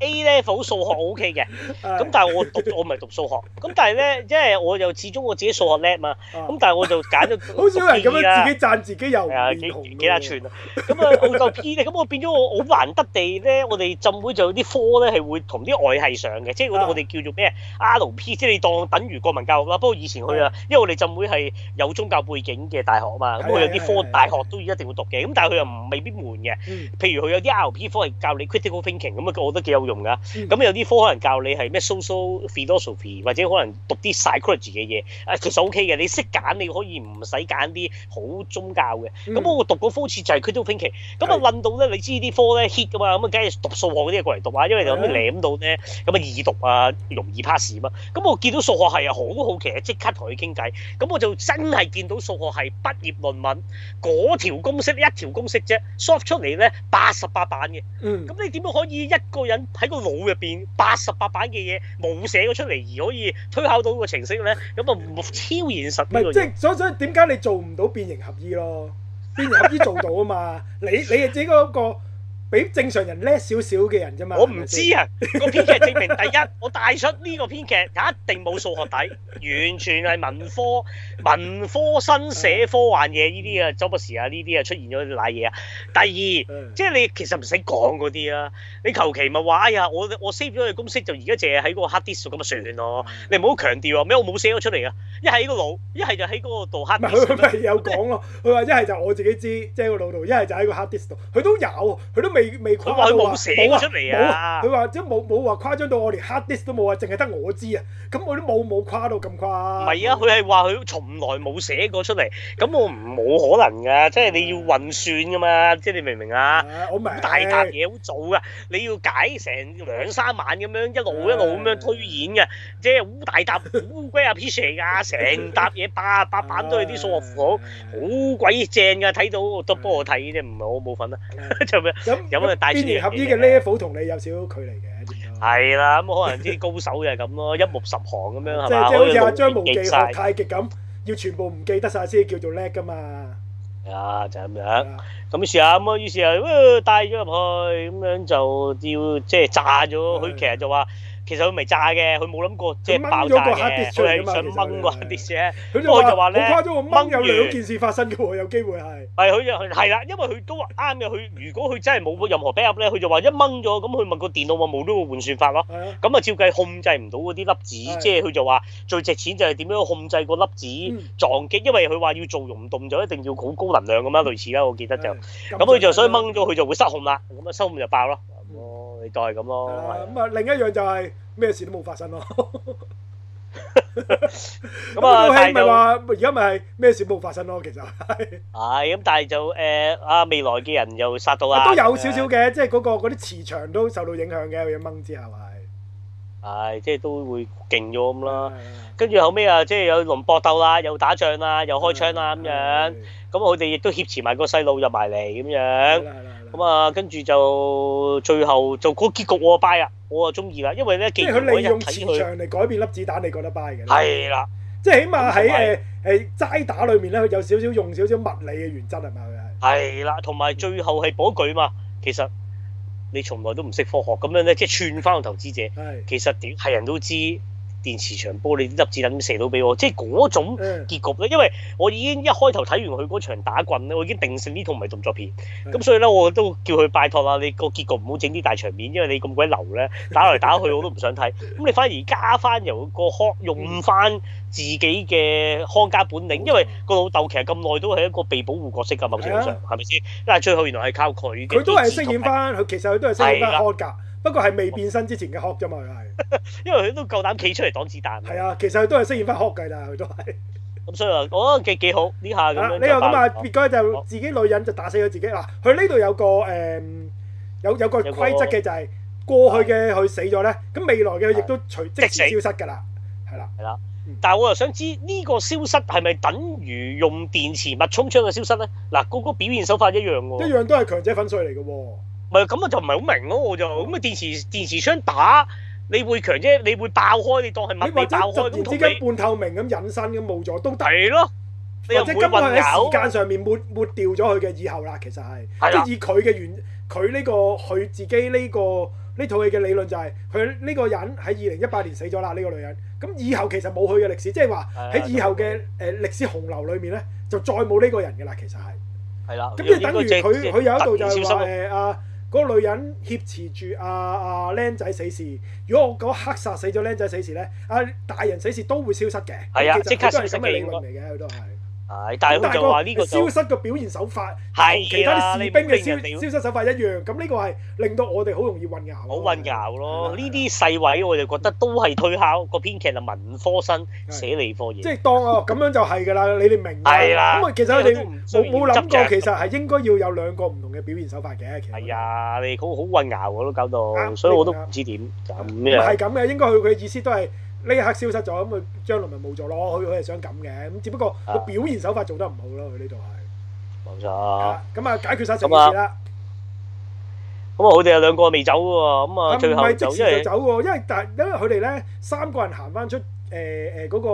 A 咧好數學，OK 嘅。咁但係我讀，我唔係讀數學。咁但係咧，因為我又始終我自己數學叻嘛。咁但係我就揀咗。好少人咁樣自己贊自己又幾多串啊？咁啊，澳洲 P 咧，咁我變咗我好難得地咧，我哋浸會就有啲科咧係會同啲外系上嘅，即係我哋叫做咩 R P，即係你當等於國民教育啦。不過以前去啊，因為我哋浸會係有宗教背景嘅大學嘛，咁我有啲科大學都一定要讀嘅。咁但係佢又唔未必嘅，譬、嗯、如佢有啲 LP 科係教你 critical thinking，咁啊，我覺得幾有用噶。咁、嗯、有啲科可能教你係咩 social philosophy，或者可能讀啲 psychology 嘅嘢，誒、啊、其實 OK 嘅。你識揀，你可以唔使揀啲好宗教嘅。咁我讀個科似就係 critical thinking。咁啊，問到咧，你知啲科咧 hit 噶嘛？咁啊，梗係讀數學嗰啲嘢過嚟讀啊，因為有咩舐到咧，咁啊易讀啊，容易 pass 嘛。咁我見到數學系啊，好好奇啊，即刻同佢傾偈。咁我就真係見到數學系畢業論文嗰條公式一條公式啫。出嚟咧，八十八版嘅。咁、嗯、你點樣可以一個人喺個腦入邊八十八版嘅嘢冇寫咗出嚟，而可以推敲到個程式咧？咁啊超現實，唔，即係，所以所以點解你做唔到變形俠醫咯？變形俠醫做到啊嘛， 你你自己嗰、嗰個。 俾正常人叻少少嘅人啫嘛，我唔知啊。個 編劇證明第一，我帶出呢個編劇一定冇數學底，完全係文科、文科生寫科幻嘢呢啲啊，周不時啊呢啲啊出現咗啲瀨嘢啊。第二， 即係你其實唔使講嗰啲啊，你求其咪話哎呀，我我 save 咗個公式就而家淨係喺嗰個 hard disk 度咁啊算咯。你唔好強調啊，咩我冇寫咗出嚟啊，一係喺個腦，一係就喺嗰個度黑。唔係佢佢有講咯，佢話一係就我自己知，即係個腦度；一係就喺個 hard disk 度，佢都有，佢都未。未未誇話，佢冇寫出嚟啊！佢話即冇冇話誇張到我連 hard disk 都冇啊，淨係得我知啊！咁我都冇冇誇到咁誇。唔係啊，佢係話佢從來冇寫過出嚟。咁我唔冇可能㗎，即係你要運算㗎嘛，即係你明唔明啊？我明。好大沓嘢好做㗎，你要解成兩三晚咁樣一路一路咁樣推演嘅，即係烏大沓烏龜啊，P 蛇啊，成沓嘢八啊八版都係啲數學符號，好鬼正㗎，睇到都幫我睇啫，唔係我冇份啊。就咩？有乜帶住？合啲嘅 level 同你有少少距離嘅，係啦。咁可能啲高手就係咁咯， 一目十行咁樣，係嘛？即係好似我張無忌學,學太極咁，要全部唔記得晒先叫做叻㗎嘛。啊，就咁、是、樣。咁的於是啊，咁於是又帶咗入去，咁樣就要即係、就是、炸咗佢。其實就話。其實佢咪炸嘅，佢冇諗過即係爆炸嘅，佢係想掹嗰下跌啫。佢就話好誇張，掹有兩件事發生嘅喎，有機會係。係佢就係啦，因為佢都話啱嘅。佢如果佢真係冇任何 backup 咧，佢就話一掹咗，咁佢問個電腦話冇呢個換算法咯。咁啊，照計控制唔到嗰啲粒子，即係佢就話最值錢就係點樣控制個粒子撞擊，因為佢話要做熔洞，就一定要好高能量咁樣，類似啦，我記得就。咁佢就所以掹咗，佢就會失控啦。咁啊，失控就爆咯。哦，就係咁咯。咁啊，另一樣就係。咩事都冇發生咯。咁啊，但係，而家咪係咩事冇發生咯？其實係。係，咁但係就誒啊，未來嘅人又殺到啊。都有少少嘅，即係嗰個嗰啲磁場都受到影響嘅，有嘢掹之係咪？係，即係都會勁咗咁啦。跟住後尾啊，即係有龍搏鬥啦，又打仗啦，又開槍啦咁樣。咁我哋亦都挾持埋個細路入埋嚟咁樣。咁啊、嗯，跟住就最後就嗰、那個、結局我 b 啊，我啊中意啦，因為咧既佢利用磁場嚟改變粒子彈，你覺得拜 u 嘅咧？係啦的，即係起碼喺誒誒齋打裏面咧，佢、呃、有少少用少少物理嘅原則係咪？佢係係啦，同埋最後係嗰句嘛，其實你從來都唔識科學咁樣咧，即係串翻個投資者，的其實點係人都知。電磁場波，你啲粒子等咁射到俾我，即係嗰種結局咧。因為我已經一開頭睇完佢嗰場打棍咧，我已經定性呢套唔係動作片。咁是的 所以咧，我都叫佢拜託啦，你個結局唔好整啲大場面，因為你咁鬼流咧，打嚟打去 我都唔想睇。咁你反而加翻由個柯用翻自己嘅看家本領，因為個老豆其實咁耐都係一個被保護角色㗎，某程度上係咪先？但係最後原來係靠佢佢都係飾演翻，佢的其實佢都係飾演不過係未變身之前嘅殼啫嘛，佢係，因為佢都夠膽企出嚟擋子彈。係啊，其實佢都係飾演翻殼㗎啦，佢都係。咁 所以話，我覺得幾幾好。呢下咁樣，呢個咁啊，結果就自己女人就打死咗自己啦。佢呢度有個誒、呃，有有個規則嘅就係，過去嘅佢死咗咧，咁個未來嘅佢亦都隨即時消失㗎啦，係啦。係啦。但係我又想知呢個消失係咪等於用電磁脈衝槍嘅消失咧？嗱、啊，個個表現手法一樣喎。一樣都係強者粉碎嚟㗎喎。唔係，咁我就唔係好明咯，我就咁啊！電池、電池槍打你會強啫，你會爆開，你當係咪？你或者突然之間半透明咁隱身咁冇咗都得咯。你又或者根本喺時間上面抹抹掉咗佢嘅以後啦，其實係的即係以佢嘅原佢呢、個佢自己呢、個呢套戲嘅理論就係佢呢個人喺二零一八年死咗啦，呢、個女人咁以後其實冇佢嘅歷史，即係話喺以後嘅誒歷史洪流裡面咧，就再冇呢個人嘅啦，其實係係啦。咁即係等於佢佢有一度就話誒心、呃、啊！嗰個女人挾持住阿阿僆仔死侍，如果嗰刻殺死咗僆仔死侍咧，啊大人死侍都會消失嘅。係啊的，其實都係咁嘅理論嚟嘅，佢都係。係，但係我就話呢個消失嘅表現手法同其他啲士兵嘅消消失手法一樣，咁呢個係令到我哋好容易混淆。好混淆咯，呢啲細位我就覺得都係推敲個編劇啊，文科生寫理科嘢。即係當哦，咁樣就係噶啦，你哋明啦。係啦。咁啊，其實你冇冇諗過，其實係應該要有兩個唔同嘅表現手法嘅。係啊，你好好混淆我都搞到，所以我都唔知點咁咩。唔係咁嘅，應該佢佢意思都係。呢一刻消失咗，咁佢將來咪冇咗咯。佢佢係想咁嘅，咁只不過佢表現手法做得唔好咯。佢呢度係冇錯，咁啊，解決曬成件事啦。咁啊，我哋有兩個未走喎，咁啊最後走咗嚟走嘅，因為但因為佢哋咧三個人行翻出誒誒嗰個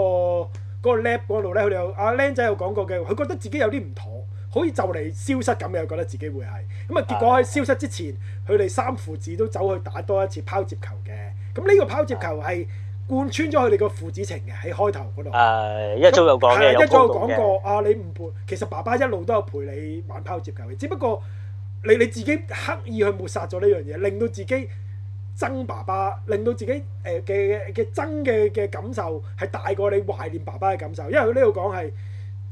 嗰個 lab 嗰度咧，佢哋有阿僆仔有講過嘅，佢覺得自己有啲唔妥，可以就嚟消失咁嘅，覺得自己會係咁啊。結果喺消失之前，佢哋三父子都走去打多一次拋接球嘅。咁呢個拋接球係。貫穿咗佢哋個父子情嘅，喺開頭嗰度。誒，一早有講嘅，嗯、一早有講過。啊，你唔陪，其實爸爸一路都有陪你玩拋接球嘅，只不過你你自己刻意去抹殺咗呢樣嘢，令到自己憎爸爸，令到自己誒嘅嘅憎嘅嘅感受係大過你懷念爸爸嘅感受，因為佢呢度講係。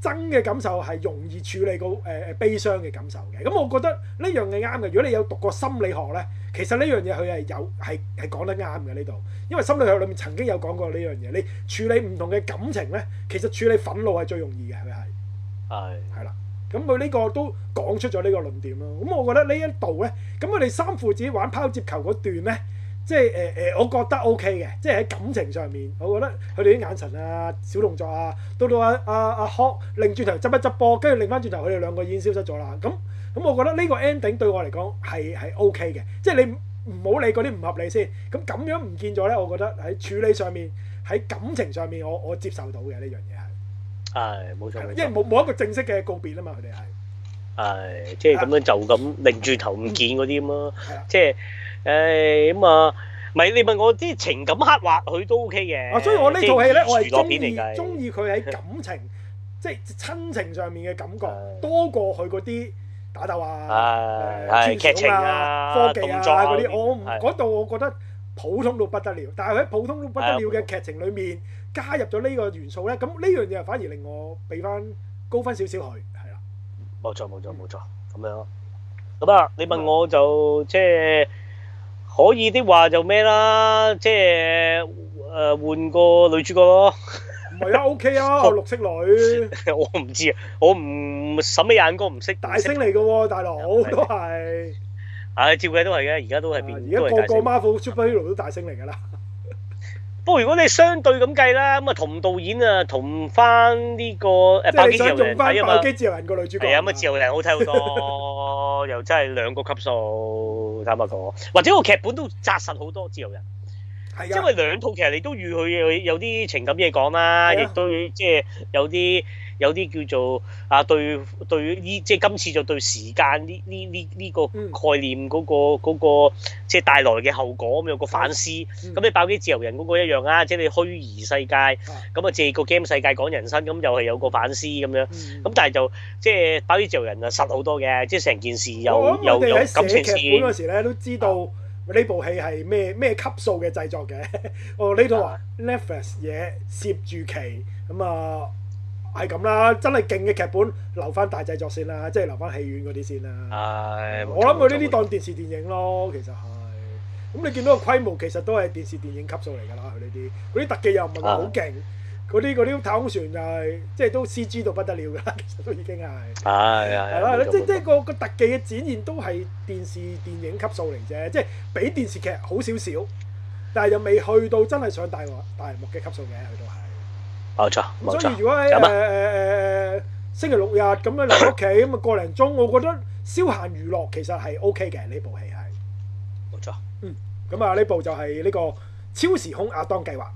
真嘅感受係容易處理到，誒誒悲傷嘅感受嘅，咁我覺得呢樣嘢係啱嘅。如果你有讀過心理學咧，其實呢樣嘢佢係有係係講得啱嘅呢度，因為心理學裏面曾經有講過呢樣嘢。你處理唔同嘅感情咧，其實處理憤怒係最容易嘅，係咪？係的。係啦，咁佢呢個都講出咗呢個論點咯。咁我覺得呢一度咧，咁佢哋三父子玩拋接球嗰段咧。即係誒誒，我覺得 OK 嘅，即係喺感情上面，我覺得佢哋啲眼神啊、小動作啊，到到啊，阿阿學擰轉頭執一執波，跟住擰翻轉頭，佢哋兩個已經消失咗啦。咁咁、嗯，我覺得呢個 ending 對我嚟講係係 OK 嘅，即係你唔好理嗰啲唔合理先。咁咁樣唔見咗咧，我覺得喺處理上面，喺感情上面，我我接受到嘅呢樣嘢係。係冇錯。哎、冇錯冇錯，因為冇冇一個正式嘅告別啊嘛，佢哋係。係即係咁樣就咁擰轉頭唔見嗰啲咯，即係。誒咁啊，唔係你問我啲情感刻畫，佢都 O K 嘅。啊，所以我呢套戲咧，我係中意中意佢喺感情，即係親情上面嘅感覺多過佢嗰啲打鬥啊、誒、戰場啊、科技啊嗰啲。我唔嗰度，我覺得普通到不得了。但係佢喺普通到不得了嘅劇情裏面，加入咗呢個元素咧，咁呢樣嘢反而令我俾翻高分少少佢，係啊。冇錯，冇錯，冇錯，咁樣囉。咁啊，你問我就即係。可以的話就咩啦，即係誒、呃、換個女主角咯。唔係啊，OK 啊，啊綠色女。 我唔知我啊，我唔審乜眼光唔識。是啊、大星嚟嘅喎，大佬都係。係照計都係嘅，而家都係變。而家個個 Marvel 出翻嚟都大星嚟㗎啦。不過吧如果你相對咁計啦，咁啊同導演啊同翻、這、呢個誒爆機自由人睇啊嘛。即係你想用翻爆機自由人個女主角。係啊，乜自由人好睇好多， 又真係兩個級數，差唔多，或者個劇本都紮實好多自由人，的因為兩套劇你都與佢有啲情感嘢講啦，亦都即係有啲。有啲叫做啊對對呢，即係今次就對時間呢呢呢呢個概念嗰，嗰個即係帶來嘅後果，咁有個反思。咁你爆機自由人嗰個一樣啊，即係你虛擬世界咁啊，借個 game 世界講人生，咁又係有個反思咁樣。咁、嗯、但係就即係爆機自由人啊實好多嘅，嗯、即係成件事有有，有感情事件嗰時咧都知道呢、啊、部戲係咩咩級數嘅製作嘅。哦，呢套《l e v r s 嘢攝住期咁啊。係咁啦，真係勁嘅劇本留翻大製作先啦，即係留翻戲院嗰啲先啦。我諗佢呢啲當電視電影咯，其實係。咁、嗯、你見到個規模，其實都係電視電影級數嚟㗎啦。佢呢啲，嗰啲特技又唔係話好勁，嗰啲嗰啲太空船就係、是，即係都 CG 到不得了㗎。其實都已經係。係啊，係、啊。係、啊、啦是，即即個個特技嘅展現都係電視電影級數嚟啫，即係比電視劇好少少，但係又未去到真係上大大幕嘅級數嘅，佢都係。冇錯，錯，所以如果喺誒誒誒星期六日咁樣嚟屋企咁啊個零鐘， 我覺得消閒娛樂其實係 O K 嘅，呢部戲係。冇錯，嗯，咁啊呢部就係呢個超時空亞當計劃。